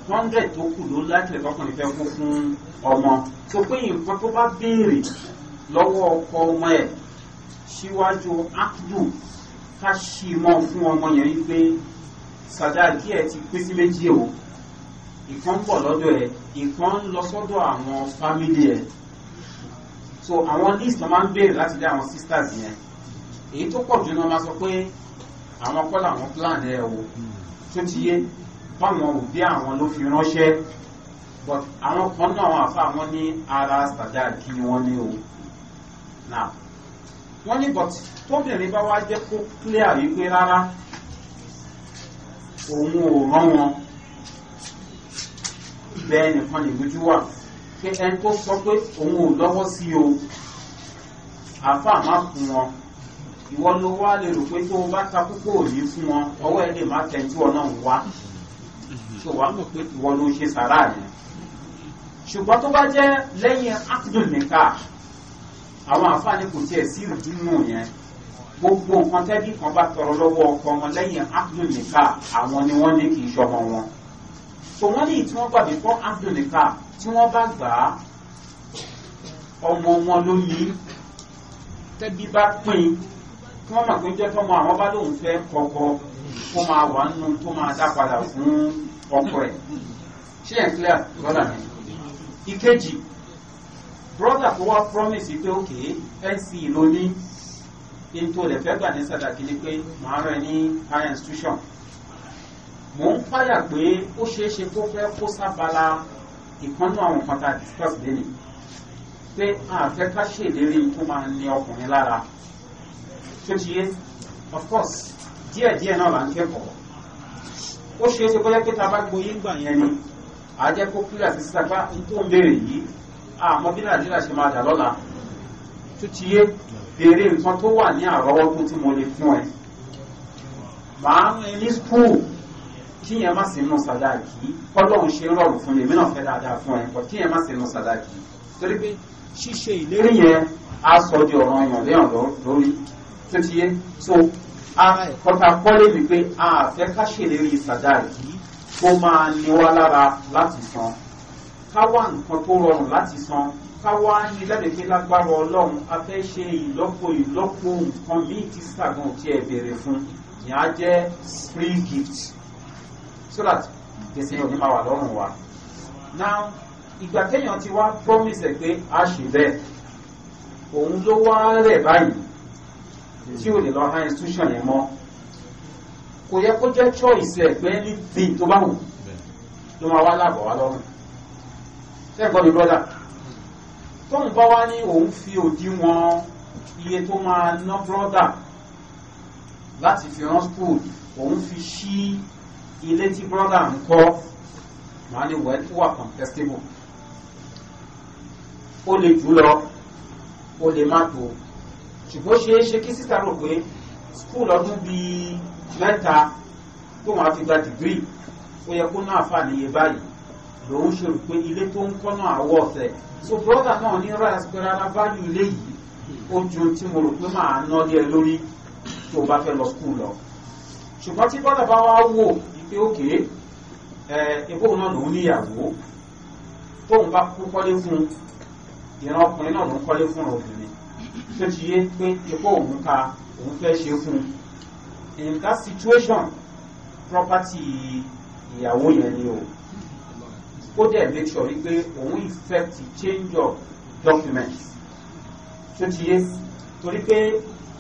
[SPEAKER 1] hundred tó kù ló láìpẹ́ lọ́kùnrin fẹ́ kó fún ọmọ tó pé nǹkan tó bá béèrè lọ́wọ́ ọkọ ọmọ ẹ̀ síwájú ákùdù ká ṣì mọ́ fún ọmọ yẹn wípé sàdáàkì ẹ̀ ti pín sí méjì o ìkan ń bọ̀ lọ́dọ̀ ẹ̀ ìkan ń lọ sọ́dọ̀ àwọn fámìlì ẹ̀ so àwọn list wọn máa ń béèrè láti dé àwọn sisters yẹn èyí tó pọ̀ jù náà máa sọ pé àwọn kọ́ làwọn plan ẹ̀ o tó ti yé fáwọn òbí àwọn ló fi ránṣẹ́ but àwọn kan náà àwọn àfa wọn ní ara sàdáàkì wọn ní o nà wọ́n ní but tóbìnrin bá wá jẹ́ kó clear wípé rárá òun ò rán wọn bẹ́ẹ̀ nìkan nìgbójú wà pé ẹni tó sọ pé òun ò lọ́wọ́ sí o àfa má fún wọn ìwọ ló wá lè rò pé tó o bá ta púpọ̀ òní fún wọn ọwọ́ ẹ lè má tẹ̀ tí ọ̀nà ń wá tó wàá mọ̀ pé ìwọ ló ṣe sàrà ni ṣùgbọ́n tó bá jẹ́ lẹ́yìn akdùn nìka àwọn àǹfààní kò tiẹ̀ sí ìdúnnù yẹn gbogbo nǹkan tẹ́bí kan bá tọrọ lọ́wọ́ ọkọ wọn lẹ́yìn akdùn nìka àwọn ni wọ́n ní kì í ṣọmọ wọn tò wọ́n ní tí wọ́n gbà bí fọ́ akdùn nìka tí wọ́n bá gbà á ọmọ wọn ló ní tẹ́bí bá pín tí wọ́n mà tó jẹ́ tọ́mọ àwọn bá lóun fẹ́ kọ́kọ́ kó máa wà nínú tó máa dá padà fún ọkọ ẹ̀ ṣé ẹ̀ clear brother mi. ìkejì brother tó wá promise pé ok nc ló ní ètò rẹ̀ fẹ́ gbà ní sàdákì ni pé màá rẹ̀ ní higher institution mò ń fàyà pé ó ṣeé ṣe kó fẹ́ kó sábala ìkànnú àwọn nǹkan tá a discuss lónìí pé àfẹ́ ká ṣèlérí tó máa ní ọkùnrin lára ṣé ti of course díẹ̀ díẹ̀ náà là ń kẹ́kọ̀ọ́ ó ṣe é ṣe bóyá pé ta bá gboyé gbà yẹn ni àjẹ́ kó kílà sí sísá pá ní tó ń béèrè yìí àmọ́ bí nàìjíríà ṣe máa dà lọ́la tó ti yé béèrè nǹkan tó wà ní àrọ́wọ́tó tí mo lè fún ẹ màá ń ní skul kí yẹn má sí inú sàdáàkì kọ́lọ́hún ṣe ń rọrùn fún mi èmi náà fẹ́ dáadáa fún ẹ kọ́ tó ti yé so àkọlé mi pé àfẹ́ ká ṣèlérí sàdáàkì kó máa ní wá lára láti san ká wá nǹkan tó rọrùn láti san ká wá ní lẹ́dẹ̀ẹ́kẹ́ lágbára ọlọ́run a fẹ́ ṣe ìlọ́po ìlọ́po nǹkan míì tí sàgàn tí ẹ bèrè fún ìyẹn á jẹ́ free gift so that gbèsè yóò ní máa wà lọ́rùn wa now ìgbà kéèyàn ti wá promise ẹ̀ pé a ṣe bẹ́ẹ̀ òun ló wá rẹ̀ báyìí tí ò lè lọ hàn institution yẹn mọ́ kò yẹ kó jẹ́ choice ẹ̀ pé ní ti tó bá wù ló máa wá láàbọ̀ wá lọ́rùn sẹ́ẹ̀kọ́ mi brọ́dà tóun bá wá ní òun fi òdiwọ̀n iye tó máa ná brọ́dà láti fi rán school òun fi ṣí ilé tí brother ń kọ́ màá ní wẹ́ẹ́ tó wà contestable ó lè jù lọ ó lè má tó ṣùgbọ́n ó ṣe é ṣe kí sísá rò pé skul ọdún bíi mẹ́ta kó wọn fi gba dìgírì ó yẹ kó náà fà níye báyìí lòun ṣe rò pé ilé tó ń kọ́ náà wọ̀ ọ̀fẹ́ so brother náà ní rárá pé rárá value ilé yìí ó ju tí mo rò pé màá ná lé ẹ lórí tó o bá fẹ́ lọ skul lọ ṣùgbọ́n tí brother bá wá wò pé òkè ebó náà lòun níyàwó tóun bá kú kọ́lé fún ìran ọkùnrin náà ló ń kọ́lé fún obìnrin tó ti yé pé epo òun ka òun fẹ́ ṣe fún un in that situation property ìyàwó yẹn ni o ó dẹ̀ make sure wípé òun effect change of documents tó ti yé torí pé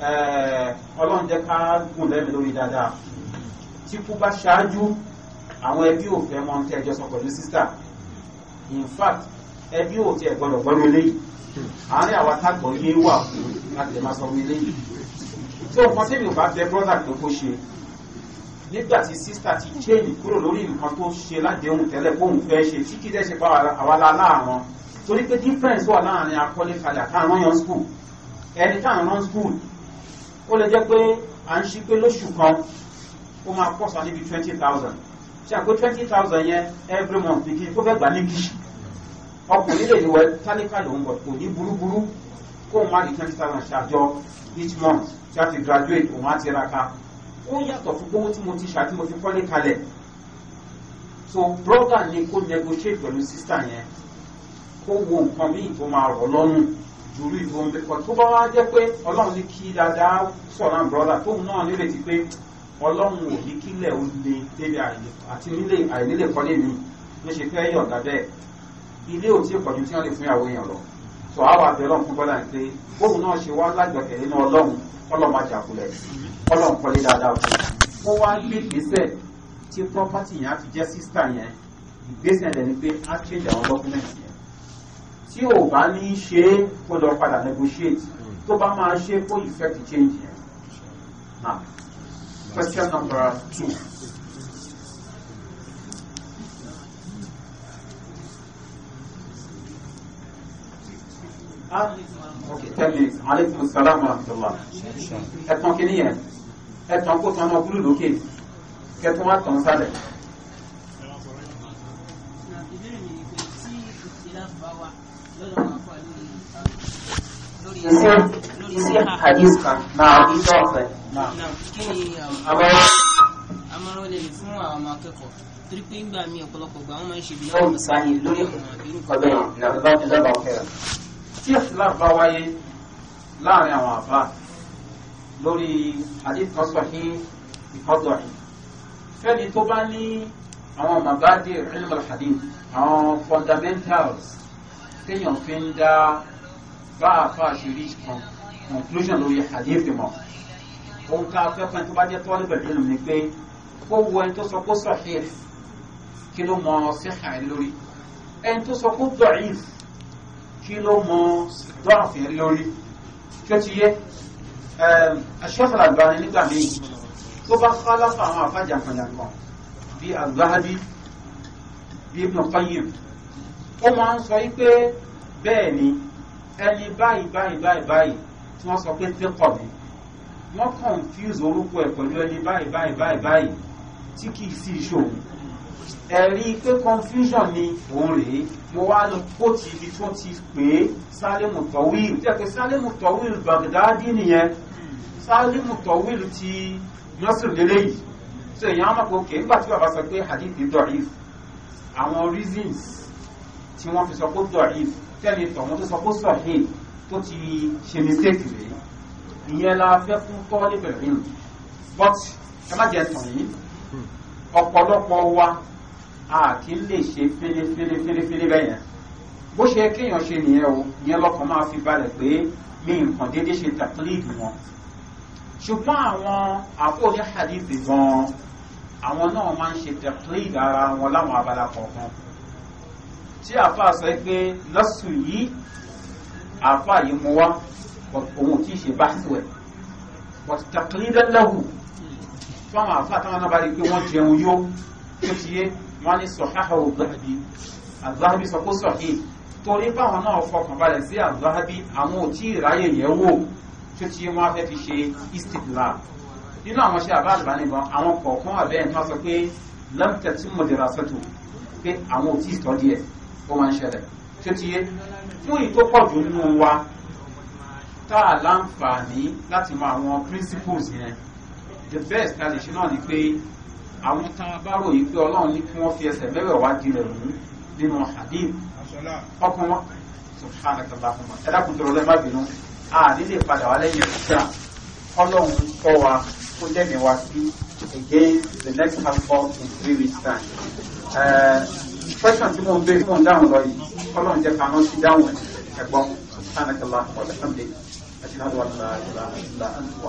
[SPEAKER 1] eh, ọlọ́run jẹ́ ká gùn lẹ́mìí lórí dáadáa tí kú bá ṣáájú àwọn ẹbí ò fẹ́ mọ́ ní ẹjọ́ sọ pẹ̀lú sísà in fact ẹbí ò tiẹ̀ gbọ́dọ̀ gbọ́dọ̀ eléyìí àárín àwọn atágbọ̀ yé wà fún láti lè máa sọ wí eléyìí tó nǹkan tí mi ò bá bẹ brọ́dà tó kó ṣe nígbà tí sísà ti chéyìn kúrò lórí nǹkan tó ṣe ládéhùn tẹ́lẹ̀ kóhùn fẹ́ ṣe tí kìí dẹ́ ṣe pa àwa láàárọ̀ torí pé difference wà láàrin akọ́lé kalẹ̀ àtàwọn yan school ẹni táwọn run school ó lè jẹ́ pé à ń ṣí pé lóṣù kan ó máa pọ̀ sọ níbi twenty thousand ṣe àpé twenty thousand yẹn every month kìí tó fẹ́ gbà ní kìí ọkùnrin lè wọ táníkà lòun bọ̀ kò ní burúburú kó o má di twenty thousand ṣàjọ each month tí a ti graduate òun á ti ra ká ó yàtọ̀ fún gbówó tí mo ti ṣá tí mo fi kọ́lé kalẹ̀ so brother ni kó negotiate pẹ̀lú sister yẹn kó wo nǹkan míì tó máa rọ̀ lọ́rùn jùlọ ìbò ń bẹ pọ̀ tó bá wá jẹ́ pé ọlọ́run ní kí dáadáa sọ̀rọ̀ àbúrọ́dà tóun náà nírètí pé ọlọ́run ò ní kílẹ̀ ó le débi àìnílé kọ́lé mi ló ṣe fẹ́ yọ̀ǹda bẹ́ẹ̀ ilé ò tí ì pọ̀jù tí wọ́n lè fún ìyàwó èèyàn lọ sọ àwọn àbẹ̀rọ̀ fún bọ́lá ń pé bóun náà ṣe wá lágbàkẹ̀lé náà ọlọ́run ọlọ́run má jàkulẹ̀ ọlọ́run kọ́lé dáadáa fún un wọ́n wá gbé ìgbésẹ̀ tí property yẹn á fi jẹ́ sísítà yẹn ìgbésẹ̀ rẹ̀ ni pé á change àwọn document yẹn tí ò bá ní í ṣe é kó lọ padà negotiate tó bá máa ṣe é kó effect change yẹn. question number two. tẹ́lẹ̀ aleykum salaam rahmatulah ẹ̀tàn kìíní yẹn ẹ̀tàn kó tán náà kúrò lókè kẹtàn wá tàn sálẹ̀. lórí sí hadith kan náà ìjọ ọ̀fẹ́. kí ni um, lè lè fún àwọn akẹ́kọ̀ọ́ torí pé ń gbà mí ọ̀pọ̀lọpọ̀ gbà wọ́n máa ń ṣe bí lọ́wọ́ sáyé lórí ọ̀nà àbí nǹkan bẹ́ẹ̀ ní ọ̀fẹ́ rẹ̀ tí ìsìláà bá wáyé láàrin àwọn àbá lórí àdìtọ́sọ ní ìfọ́dọ̀ yìí fẹ́ni tó bá ní àwọn màbádì ilm àwọn fundamentals téèyàn fi ń dá bá àfa àṣírí
[SPEAKER 2] conclusion lórí hadith mọ́
[SPEAKER 1] òun ká afẹ́fẹ́ tó bá jẹ́ tọ́lẹ̀bẹ̀ ilm ni pé kó wo ẹni tó sọ kó sahih kí ló mọ síhà lórí ẹni tó sọ kó da'if kí ló mọ dọ́rùn fèrè lórí tí ó ti yé aṣọ́fàlà gbani nígbà míì tó bá fáláfà àwọn àfájàǹkàjàǹkàn bíi àgbáhábí bíi ibùdó kọ́yìn ó máa ń sọ yí pé bẹ́ẹ̀ ni ẹni báyìí báyìí báyìí báyìí tí wọ́n sọ pé tẹ́kọ̀ mi wọ́n confuse orúkọ ẹ̀ pẹ̀lú ẹni báyìí báyìí báyìí báyìí tí kì í sí iṣẹ́ ẹ̀rí pé confusion ni òun rèé mo wá ní kóòtù ibi tí wọ́n ti pè é sálẹ̀mù tọ́wíìlù tí a pè sálẹ̀mù tọ́wíìlù bàgàdádì nìyẹn sálẹ̀mù tọ́wíìlù ti nọ́sùn lélẹ́yìí so èèyàn á mọ̀ pé òkè nígbà tí bàbá sọ pé hadithi dọ̀if àwọn reasons tí wọ́n fi sọ pé dọ̀if tẹ́lẹ̀ tọ̀wọ́n tó sọ pé sọ̀hìn tó ti ṣe mistake rèé ìyẹn la fẹ́ fún tọ́lẹ̀ bẹ̀rẹ̀ but ẹ má jẹ́ tàn yín hmm. ọ̀pọ̀lọpọ̀ wa àti lè ṣe fẹ́lẹ́fẹ́lẹ́fẹ́lẹ́ bẹ́yẹn bó ṣe kéèyàn ṣe nìyẹn o ìyẹn lọ́kàn máa fi balẹ̀ pé mi nǹkan déédéé ṣe tàkìlìdì wọn ṣùgbọ́n àwọn àfọwọ́dé hadith gan àwọn náà máa ń ṣe tàkìlìdì ara wọn láwọn abala kọ̀ọ̀kan tí àfa sọ pé lọ́sùn yìí àfa yìí mo wá òun kì í ṣe báṣu ẹ̀ wọ́n ti tàkìlìdì lẹ́wù fún àwọn àfa táwọn náà bá rí i pé wọ́n jẹun yó tó ti yé wọ́n ní sọ̀háhà ògbàbí àzáhábí sọ pé sọ̀hí torí báwọn náà fọkàn balẹ̀ sí àzáhábí àwọn ò tí ì ráyè yẹ̀ wò tó ti wọ́n fẹ́ fi ṣe istidla nínú àwọn ṣe àbá àlùbá nìbọn àwọn kọ̀ọ̀kan àbẹ́ ẹ̀ tó sọ pé lẹ́mtẹ̀ tí mo dẹ̀ra sẹ́tù pé àwọn ò tí ì ó máa ń ṣẹlẹ̀ tó ti yé fún ìtópọ̀jù nínú wa tá a láǹfààní láti mọ àwọn principles yẹn the best ta lè ṣe náà ni pé àwọn tá a bá ròyìn pé ọlọ́run ní kí wọ́n fi ẹsẹ̀ mẹ́wẹ̀ wá di rẹ̀ mú nínú hadith ọkùn wọn subhanaka allahumma ẹ dákun tó lọ́lẹ́ má bínú àní lè padà wá lẹ́yìn ìṣá ọlọ́run kọ́ wa kó dẹ́mi wá sí again the next half hour in three weeks time. question tí mo ń béèrè fún dáhùn lọ yìí ọlọ́run jẹ́ ká sí dáhùn ẹ̀gbọ́n subhanaka allahumma wa bihamdika ashhadu an la
[SPEAKER 2] ilaha